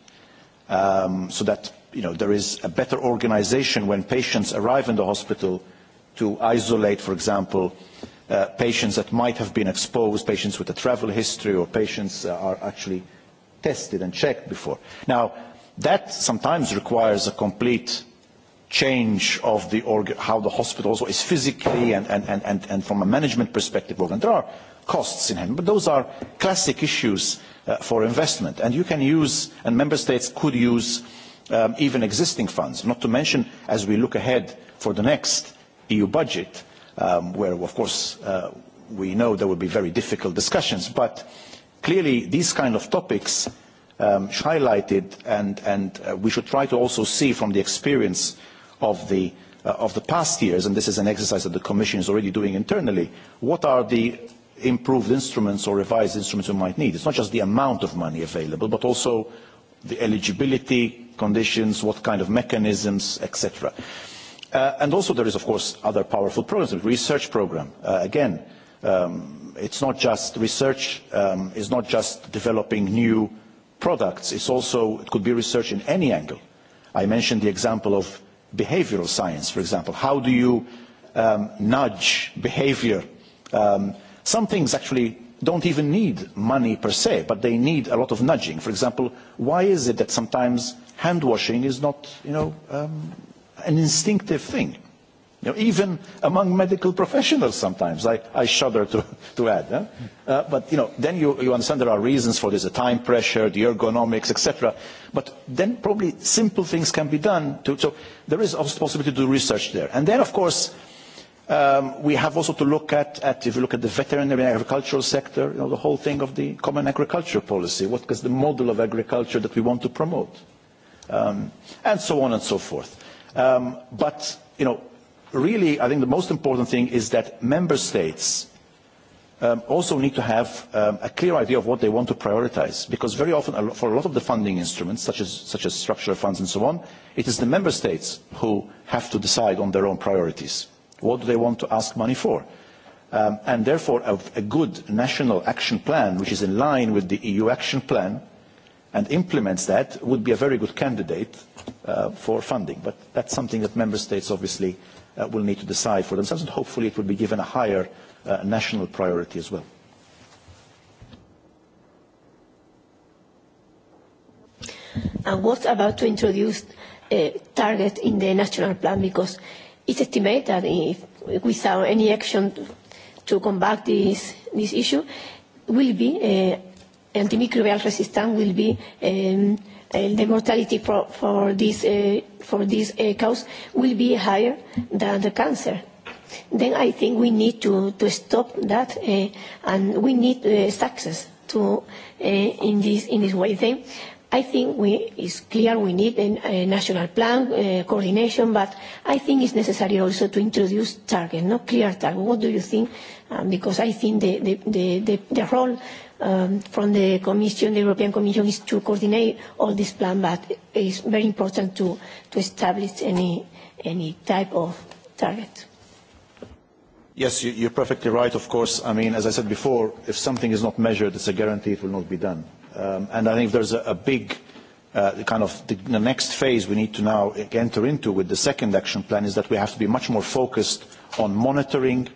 um, so that you know, there is a better organization when patients arrive in the hospital to isolate, for example, uh, patients that might have been exposed, patients with a travel history or patients uh, are actually tested and checked before. Now, That sometimes requires a complete change of the org- how the hospital also is physically and, and, and, and, and from a management perspective. And there are costs in hand, but those are classic issues uh, for investment. And you can use, and member states could use um, even existing funds, not to mention as we look ahead for the next EU budget, um, where of course uh, we know there will be very difficult discussions, but clearly these kind of topics um, highlighted, and, and uh, we should try to also see from the experience of the, uh, of the past years, and this is an exercise that the Commission is already doing internally, what are the improved instruments or revised instruments we might need. It's not just the amount of money available, but also the eligibility conditions, what kind of mechanisms, etc. Uh, and also there is, of course, other powerful programs, the research program. Uh, again, um, it's not just research, um, it's not just developing new products. It's also, it could be research in any angle. I mentioned the example of behavioral science, for example. How do you um, nudge behavior? Um, some things actually don't even need money per se, but they need a lot of nudging. For example, why is it that sometimes hand washing is not, you know, um, an instinctive thing? You know, even among medical professionals sometimes, I, I shudder to, to add. Eh? Uh, but, you know, then you, you understand there are reasons for this, the time pressure, the ergonomics, etc. But then probably simple things can be done. To, so there is also possibility to do research there. And then, of course, um, we have also to look at, at, if you look at the veterinary and agricultural sector, you know, the whole thing of the common agriculture policy. What is the model of agriculture that we want to promote? Um, and so on and so forth. Um, but, you know, really, I think the most important thing is that member states um, also need to have um, a clear idea of what they want to prioritize, because very often for a lot of the funding instruments, such as, such as structural funds and so on, it is the member states who have to decide on their own priorities. What do they want to ask money for? Um, and therefore, a, a good national action plan, which is in line with the EU action plan, and implements that would be a very good candidate uh, for funding. But that's something that member states obviously uh, will need to decide for themselves, and hopefully it will be given a higher uh, national priority as well. And what about to introduce a target in the national plan? Because it's estimated that if, without any action to combat this, this issue, will be uh, antimicrobial resistance will be um, and uh, the mortality pro for this, uh, for this uh, cause will be higher than the cancer. Then I think we need to, to stop that uh, and we need uh, success to, uh, in, this, in this way. Then I think we, it's clear we need a, a national plan, uh, coordination, but I think it's necessary also to introduce target, not clear target. What do you think? Um, because I think the, the, the, the, the role um, from the Commission, the European Commission, is to coordinate all this plan, but it's very important to, to establish any, any type of target. Yes, you, you're perfectly right, of course. I mean, as I said before, if something is not measured, it's a guarantee it will not be done. Um, and I think there's a, a big uh, kind of the, the next phase we need to now enter into with the second action plan is that we have to be much more focused on monitoring uh,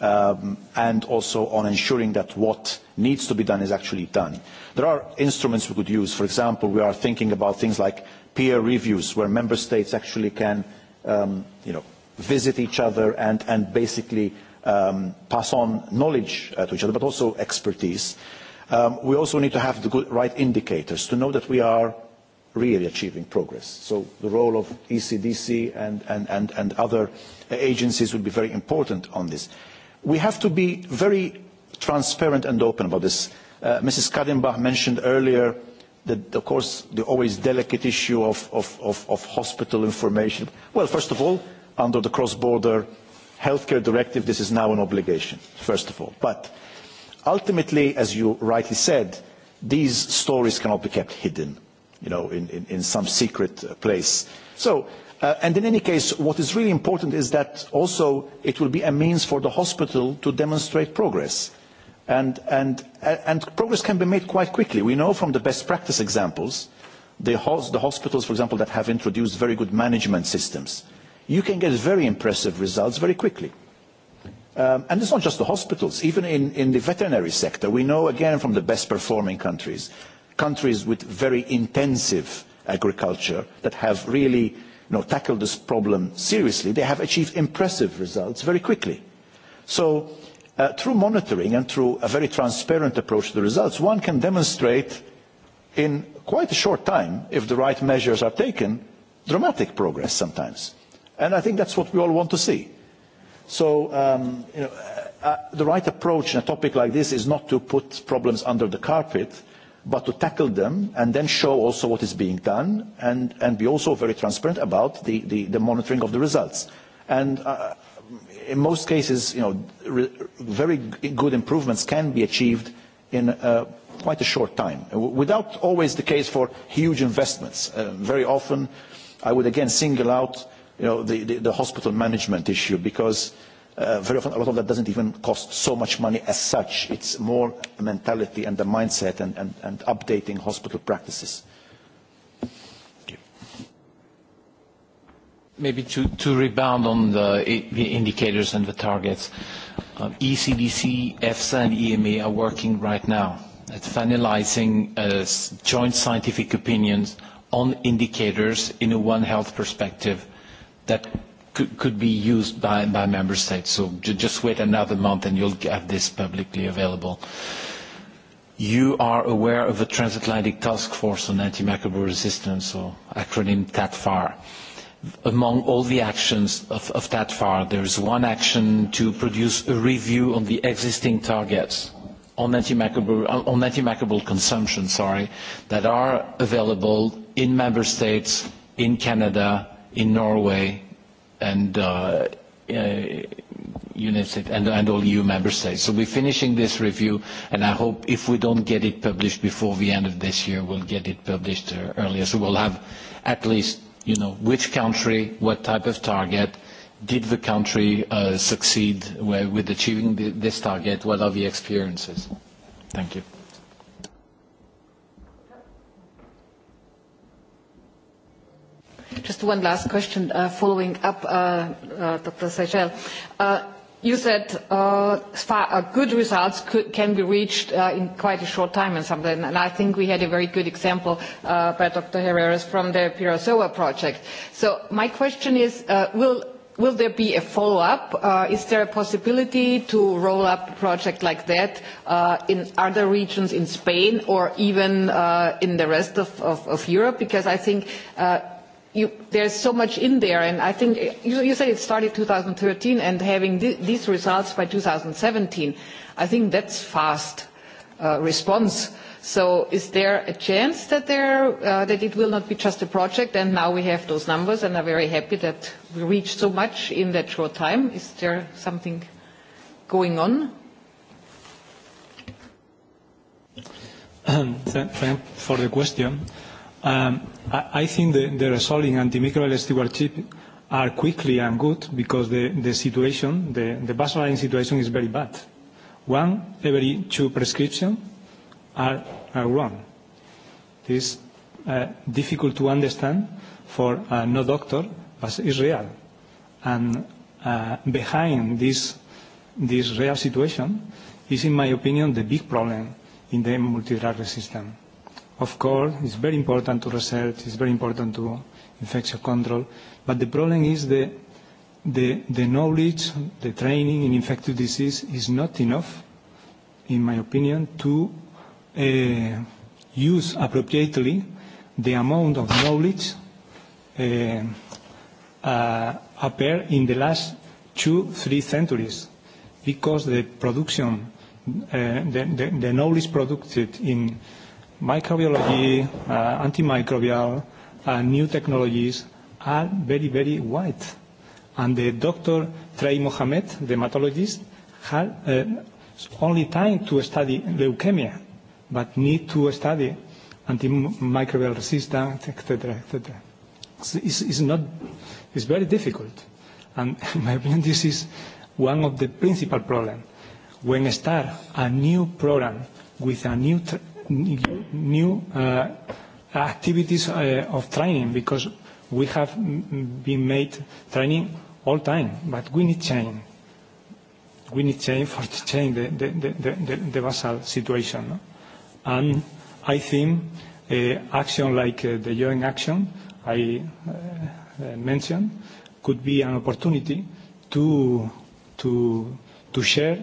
um, and also on ensuring that what needs to be done is actually done. There are instruments we could use. For example, we are thinking about things like peer reviews, where member states actually can um, you know, visit each other and, and basically um, pass on knowledge uh, to each other, but also expertise. Um, we also need to have the good, right indicators to know that we are really achieving progress. So the role of ECDC and, and, and, and other agencies will be very important on this. We have to be very transparent and open about this. Uh, Mrs. Kadenbach mentioned earlier that, of course, the always delicate issue of, of, of, of hospital information. Well, first of all, under the cross-border healthcare directive, this is now an obligation, first of all. But ultimately, as you rightly said, these stories cannot be kept hidden, you know, in, in, in some secret uh, place. So Uh, and in any case, what is really important is that also it will be a means for the hospital to demonstrate progress. And, and, uh, and progress can be made quite quickly. We know from the best practice examples, the, hos the hospitals, for example, that have introduced very good management systems, you can get very impressive results very quickly. Um, and it's not just the hospitals, even in, in the veterinary sector, we know again from the best performing countries, countries with very intensive agriculture that have really you know, tackle this problem seriously, they have achieved impressive results very quickly. So uh, through monitoring and through a very transparent approach to the results, one can demonstrate in quite a short time, if the right measures are taken, dramatic progress sometimes. And I think that's what we all want to see. So um, you know, uh, uh, the right approach in a topic like this is not to put problems under the carpet, but to tackle them and then show also what is being done and, and be also very transparent about the, the, the monitoring of the results. And uh, in most cases, you know, re very good improvements can be achieved in uh, quite a short time, uh, without always the case for huge investments. Uh, very often, I would again single out you know, the, the, the hospital management issue because uh, uh, very often a lot of that doesn't even cost so much money as such. It's more a mentality and a mindset and, and, and updating hospital practices. Maybe to, to rebound on the, the indicators and the targets, um, uh, ECDC, EFSA, and EMA are working right now at finalizing uh, joint scientific opinions on indicators in a One Health perspective that could, could be used by, by member states. So j- just wait another month and you'll have this publicly available. You are aware of the Transatlantic Task Force on Antimicrobial Resistance, or acronym TATFAR. Among all the actions of, of TATFAR, there is one action to produce a review on the existing targets on antimicrobial, on antimicrobial consumption, sorry, that are available in member states, in Canada, in Norway, and uh, uh, UNICEF and, and all EU member states. So we're finishing this review, and I hope if we don't get it published before the end of this year, we'll get it published uh, earlier. So we'll have at least, you know, which country, what type of target, did the country uh, succeed uh, with achieving the, this target, what are the experiences. Thank you. Just one last question uh, following up, uh, uh, Dr. Seychelles. Uh, you said uh, far, uh, good results could, can be reached uh, in quite a short time and something, and I think we had a very good example uh, by Dr. Herreras from the Pirasoa project. So my question is, uh, will Will there be a follow-up? Uh, is there a possibility to roll up a project like that uh, in other regions in Spain or even uh, in the rest of, of, of Europe? Because I think uh, you, there's so much in there, and I think you, you said it started 2013 and having th- these results by 2017. I think that's fast uh, response. So is there a chance that, there, uh, that it will not be just a project and now we have those numbers and I'm very happy that we reached so much in that short time? Is there something going on? Thanks for the question. Um, I, I think the, the results in antimicrobial stewardship are quickly and good because the, the situation, the, the baseline situation is very bad. One every two prescriptions are, are wrong. This uh, difficult to understand for uh, no doctor, but it's real. And uh, behind this, this real situation is, in my opinion, the big problem in the multidrug resistance of course, it's very important to research, it's very important to infection control, but the problem is the, the, the knowledge, the training in infectious disease is not enough, in my opinion, to uh, use appropriately the amount of knowledge uh, uh, appeared in the last two, three centuries, because the production, uh, the, the, the knowledge produced in microbiology, uh, antimicrobial, uh, new technologies are very, very wide. And the Dr. Trey Mohamed, the hematologist, had uh, only time to study leukemia, but need to study antimicrobial resistance, etc., etc. So it's, it's not, it's very difficult. And in my opinion, this is one of the principal problems. When start a new program with a new tr new uh, activities uh, of training because we have been made training all time, but we need change. We need change for to change the, the, the, the, the basal situation. No? And I think uh, action like uh, the joint action I uh, mentioned could be an opportunity to, to, to share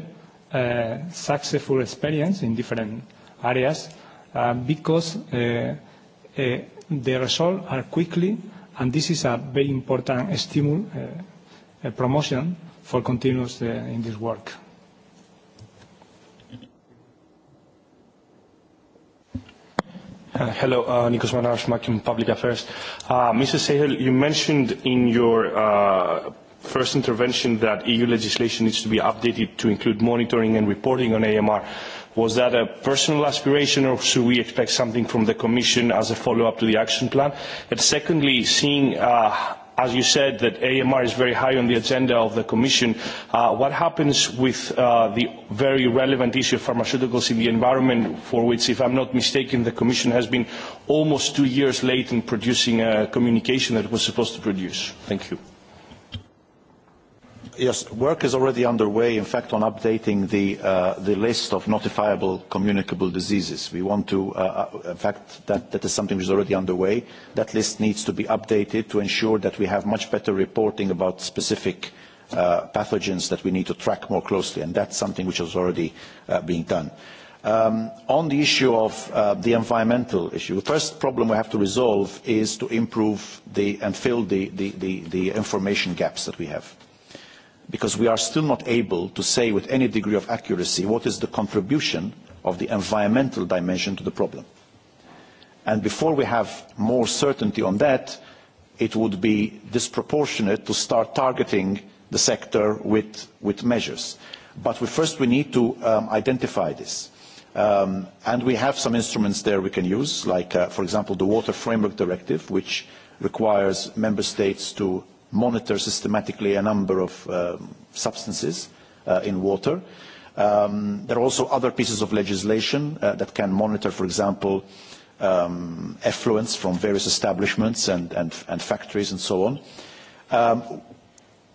uh, successful experience in different areas uh, because uh, uh, the results are quickly, and this is a very important stimulus, uh, uh, promotion for continuous uh, in this work. Uh, hello, uh, Nikos Manaras from Public Affairs. Uh, Mrs. Sahel, you mentioned in your uh, first intervention that EU legislation needs to be updated to include monitoring and reporting on AMR. Uh, Was that a personal aspiration or should we expect something from the Commission as a follow-up to the action plan? And secondly, seeing uh, as you said, that AMR is very high on the agenda of the Commission. Uh, what happens with uh, the very relevant issue of pharmaceuticals in the environment, for which, if I'm not mistaken, the Commission has been almost two years late in producing a communication that it was supposed to produce? Thank you. Yes, work is already underway, in fact, on updating the, uh, the list of notifiable communicable diseases. We want to, uh, uh, in fact, that, that is something which is already underway. That list needs to be updated to ensure that we have much better reporting about specific uh, pathogens that we need to track more closely, and that's something which is already uh, being done. Um, on the issue of uh, the environmental issue, the first problem we have to resolve is to improve the, and fill the, the, the, the information gaps that we have because we are still not able to say with any degree of accuracy what is the contribution of the environmental dimension to the problem. And before we have more certainty on that, it would be disproportionate to start targeting the sector with, with measures. But we, first we need to um, identify this. Um, and we have some instruments there we can use, like, uh, for example, the Water Framework Directive, which requires member states to monitor systematically a number of um, substances uh, in water. Um, there are also other pieces of legislation uh, that can monitor, for example, um, effluents from various establishments and, and, and factories and so on. Um,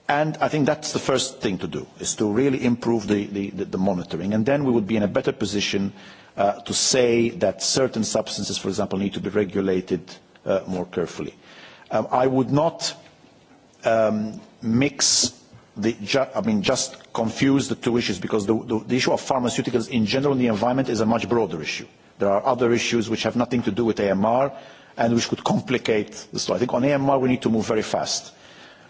and I think that's the first thing to do, is to really improve the, the, the monitoring. And then we would be in a better position uh, to say that certain substances, for example, need to be regulated uh, more carefully. Um, I would not uh, um, mix the, ju I mean, just confuse the two issues because the, the, the issue of pharmaceuticals in general in the environment is a much broader issue. There are other issues which have nothing to do with AMR and which could complicate the story. I think on AMR we need to move very fast.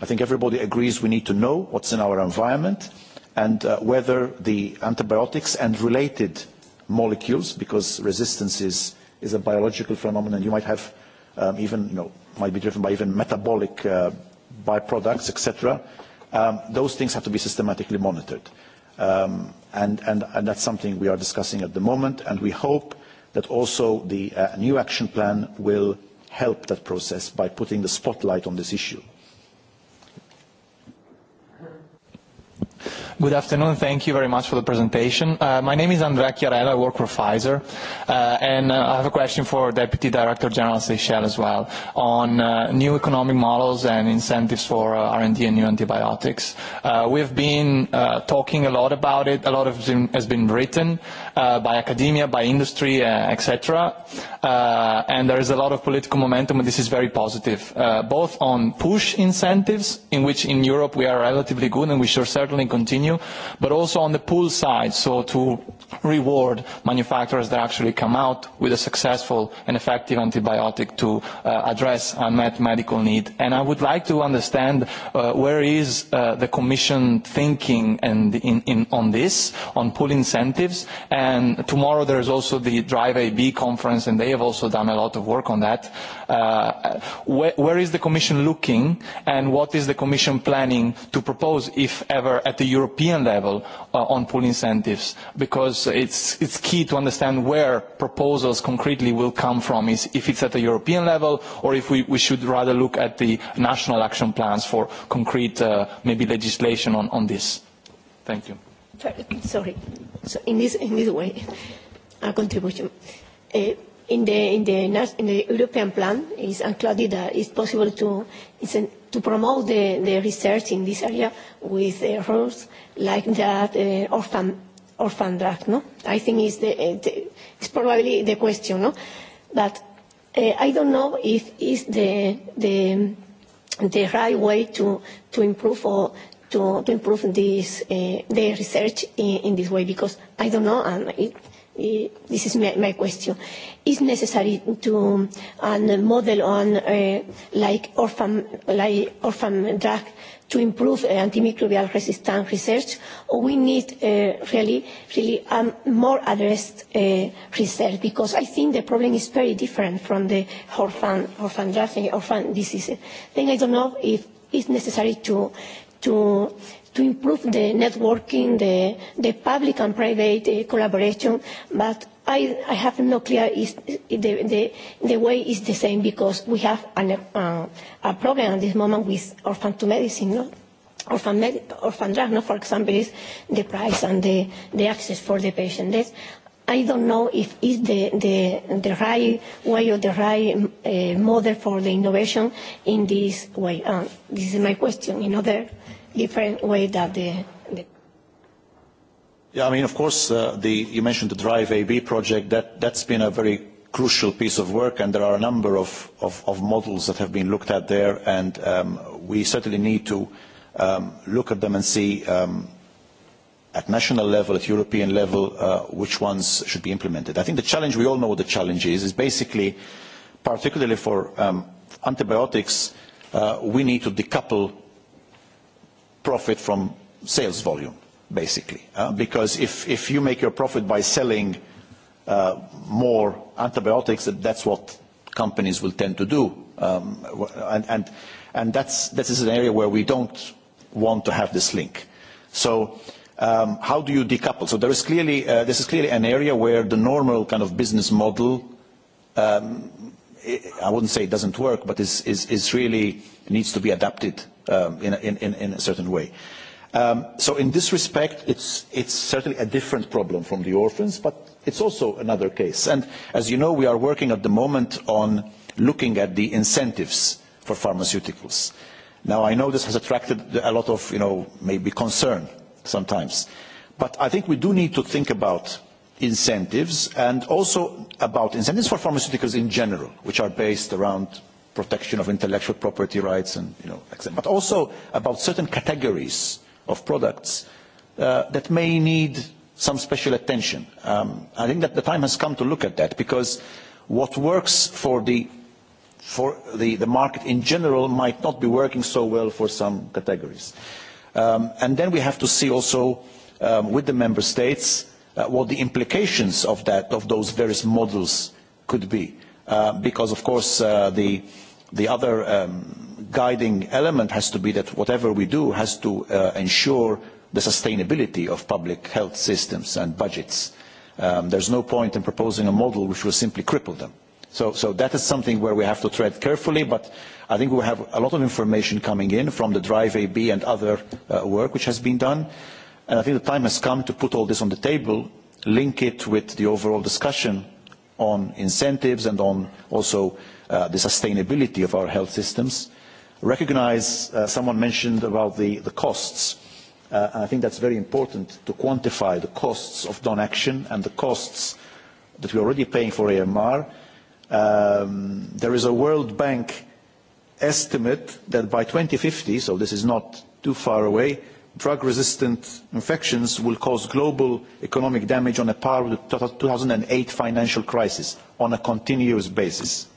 I think everybody agrees we need to know what's in our environment and uh, whether the antibiotics and related molecules, because resistance is, is a biological phenomenon, you might have um, even, you know, might be driven by even metabolic uh, byproducts, etc., um, those things have to be systematically monitored. Um, and, and, and that's something we are discussing at the moment, and we hope that also the uh, new action plan will help that process by putting the spotlight on this issue. Good afternoon. Thank you very much for the presentation. Uh, my name is Andrea Chiarella. I work for Pfizer. Uh, and uh, I have a question for Deputy Director General Seychelles as well on uh, new economic models and incentives for uh, R&D and new antibiotics. Uh, we've been uh, talking a lot about it. A lot of has been written uh, by academia, by industry, uh, etc. Uh, and there is a lot of political momentum, and this is very positive, uh, both on push incentives, in which in Europe we are relatively good and we should certainly continue, but also on the pull side, so to reward manufacturers that actually come out with a successful and effective antibiotic to uh, address unmet medical need. And I would like to understand uh, where is uh, the Commission thinking and in, in, on this, on pull incentives, and And tomorrow there is also the Drive AB conference, and they have also done a lot of work on that. Uh, where, where is the Commission looking, and what is the Commission planning to propose, if ever, at the European level uh, on pool incentives? Because it's, it's key to understand where proposals concretely will come from, is if it's at the European level, or if we, we should rather look at the national action plans for concrete, uh, maybe legislation on, on this. Thank you. Sorry. So in this, in this way, a contribution. Uh, in the, in the, in the European plan, it's included that it's possible to, it's an, to promote the, the research in this area with uh, rules like that uh, orphan, orphan drug, no? I think it's, the, uh, the, it's probably the question, no? But uh, I don't know if it's the, the, the right way to, to improve or to, to improve this, uh, the research in, in this way because I don't know and it, it, eh, this is my, my question. Is necessary to um, a model on uh, like orphan like orphan drug to improve uh, antimicrobial resistance research, or we need uh, really, really um, more addressed uh, research because I think the problem is very different from the orphan, orphan drugs and orphan diseases. Then I don't know if it's necessary to to to improve the networking, the, the public and private uh, collaboration, but I, I have no clear is the, the, the way is the same because we have an, uh, a problem at this moment with orphan to medicine, no? Orphan, med- orphan drug, no? for example, is the price and the, the access for the patient. That's, I don't know if it's the, the, the right way or the right uh, model for the innovation in this way. Um, this is my question. In other different way that the, the yeah, I mean, of course, uh, the, you mentioned the Drive AB project. That, that's been a very crucial piece of work, and there are a number of, of, of models that have been looked at there, and um, we certainly need to um, look at them and see um, at national level, at European level, uh, which ones should be implemented. I think the challenge, we all know what the challenge is, is basically, particularly for um, antibiotics, uh, we need to decouple profit from sales volume, basically. Uh, because if, if you make your profit by selling uh, more antibiotics, that's what companies will tend to do. Um, and and, and that's, that is an area where we don't want to have this link. So um, how do you decouple? So there is clearly, uh, this is clearly an area where the normal kind of business model um, I wouldn't say it doesn't work, but is, is, is really needs to be adapted um, in, a, in, in a certain way. Um, so in this respect, it's, it's certainly a different problem from the orphans, but it's also another case. And as you know, we are working at the moment on looking at the incentives for pharmaceuticals. Now, I know this has attracted a lot of, you know, maybe concern sometimes, but I think we do need to think about incentives and also about incentives for pharmaceuticals in general, which are based around protection of intellectual property rights and, you know, but also about certain categories of products uh, that may need some special attention. Um, I think that the time has come to look at that because what works for the for the, the market in general might not be working so well for some categories. Um, and then we have to see also um, with the member states uh, what the implications of that, of those various models could be. Uh, because, of course, uh, the, the other um, guiding element has to be that whatever we do has to uh, ensure the sustainability of public health systems and budgets. Um, there's no point in proposing a model which will simply cripple them. So, so that is something where we have to tread carefully, but I think we have a lot of information coming in from the Drive AB and other uh, work which has been done. Uh, And I think the time has come to put all this on the table, link it with the overall discussion on incentives and on also uh, the sustainability of our health systems. Recognize, uh, someone mentioned about the, the costs. Uh, and I think that's very important to quantify the costs of non-action and the costs that we're already paying for AMR. Um, there is a World Bank estimate that by 2050, so this is not too far away, drug-resistant infections will cause global economic damage on a par with the 2008 financial crisis on a continuous basis.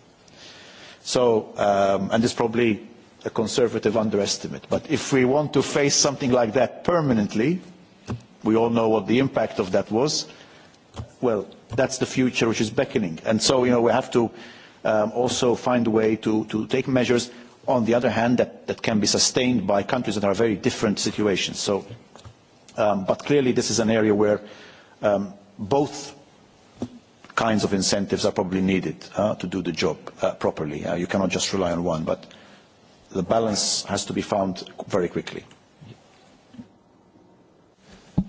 So, um, and it's probably a conservative underestimate. But if we want to face something like that permanently, we all know what the impact of that was, well, that's the future which is beckoning. And so, you know, we have to um, also find a way to, to take measures on the other hand, that, that can be sustained by countries that are very different situations. So, um, but clearly this is an area where um, both kinds of incentives are probably needed uh, to do the job uh, properly. Uh, you cannot just rely on one, but the balance has to be found very quickly.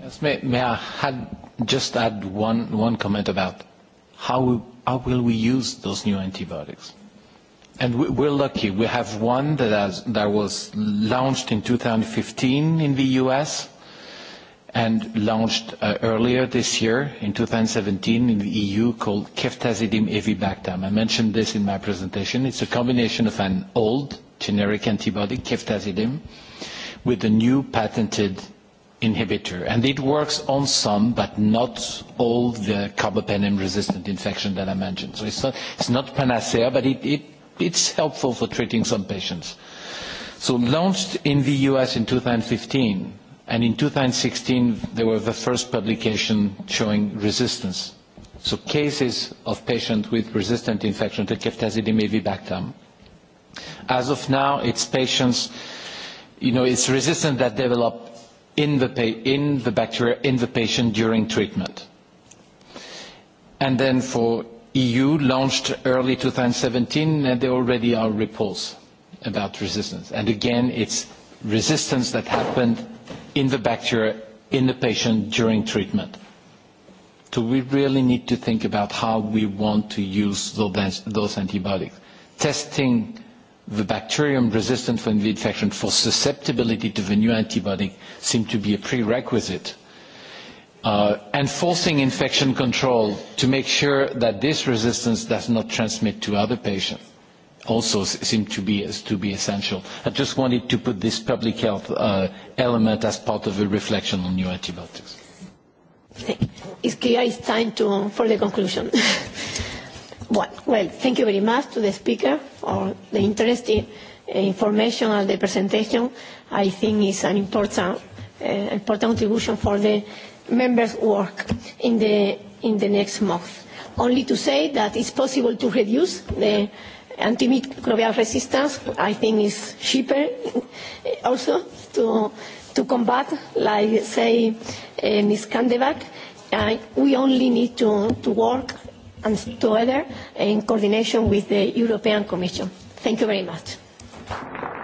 Yes, may, may I had just add one, one comment about how, how will we use those new antibiotics? And we're lucky. We have one that, has, that was launched in 2015 in the U.S. and launched uh, earlier this year in 2017 in the EU called ceftazidime avibactam. I mentioned this in my presentation. It's a combination of an old generic antibody, ceftazidime, with a new patented inhibitor. And it works on some, but not all the carbapenem-resistant infection that I mentioned. So it's not, it's not panacea, but it, it it's helpful for treating some patients. So launched in the US in 2015, and in 2016 there were the first publication showing resistance. So cases of patients with resistant infection to ceftazidime avibactam. As of now, it's patients, you know, it's resistant that develop in the, pa in the bacteria, in the patient during treatment. And then for EU launched early 2017, and there already are reports about resistance. And again, it's resistance that happened in the bacteria, in the patient during treatment. So we really need to think about how we want to use those, those antibiotics. Testing the bacterium resistant for the infection for susceptibility to the new antibiotic seem to be a prerequisite Uh, enforcing infection control to make sure that this resistance does not transmit to other patients also seem to be to be essential. I just wanted to put this public health uh, element as part of a reflection on new antibiotics. It's clear it's time to, for the conclusion. well, well, thank you very much to the speaker for the interesting eh, information and the presentation. I think it's an important, uh, important contribution for the members' work in the, in the next month. Only to say that it's possible to reduce the antimicrobial resistance. I think is cheaper eh, also to, to combat, like say uh, eh, Ms. Kandevac. Uh, we only need to, to work and together in coordination with the European Commission. Thank you very much. Thank you.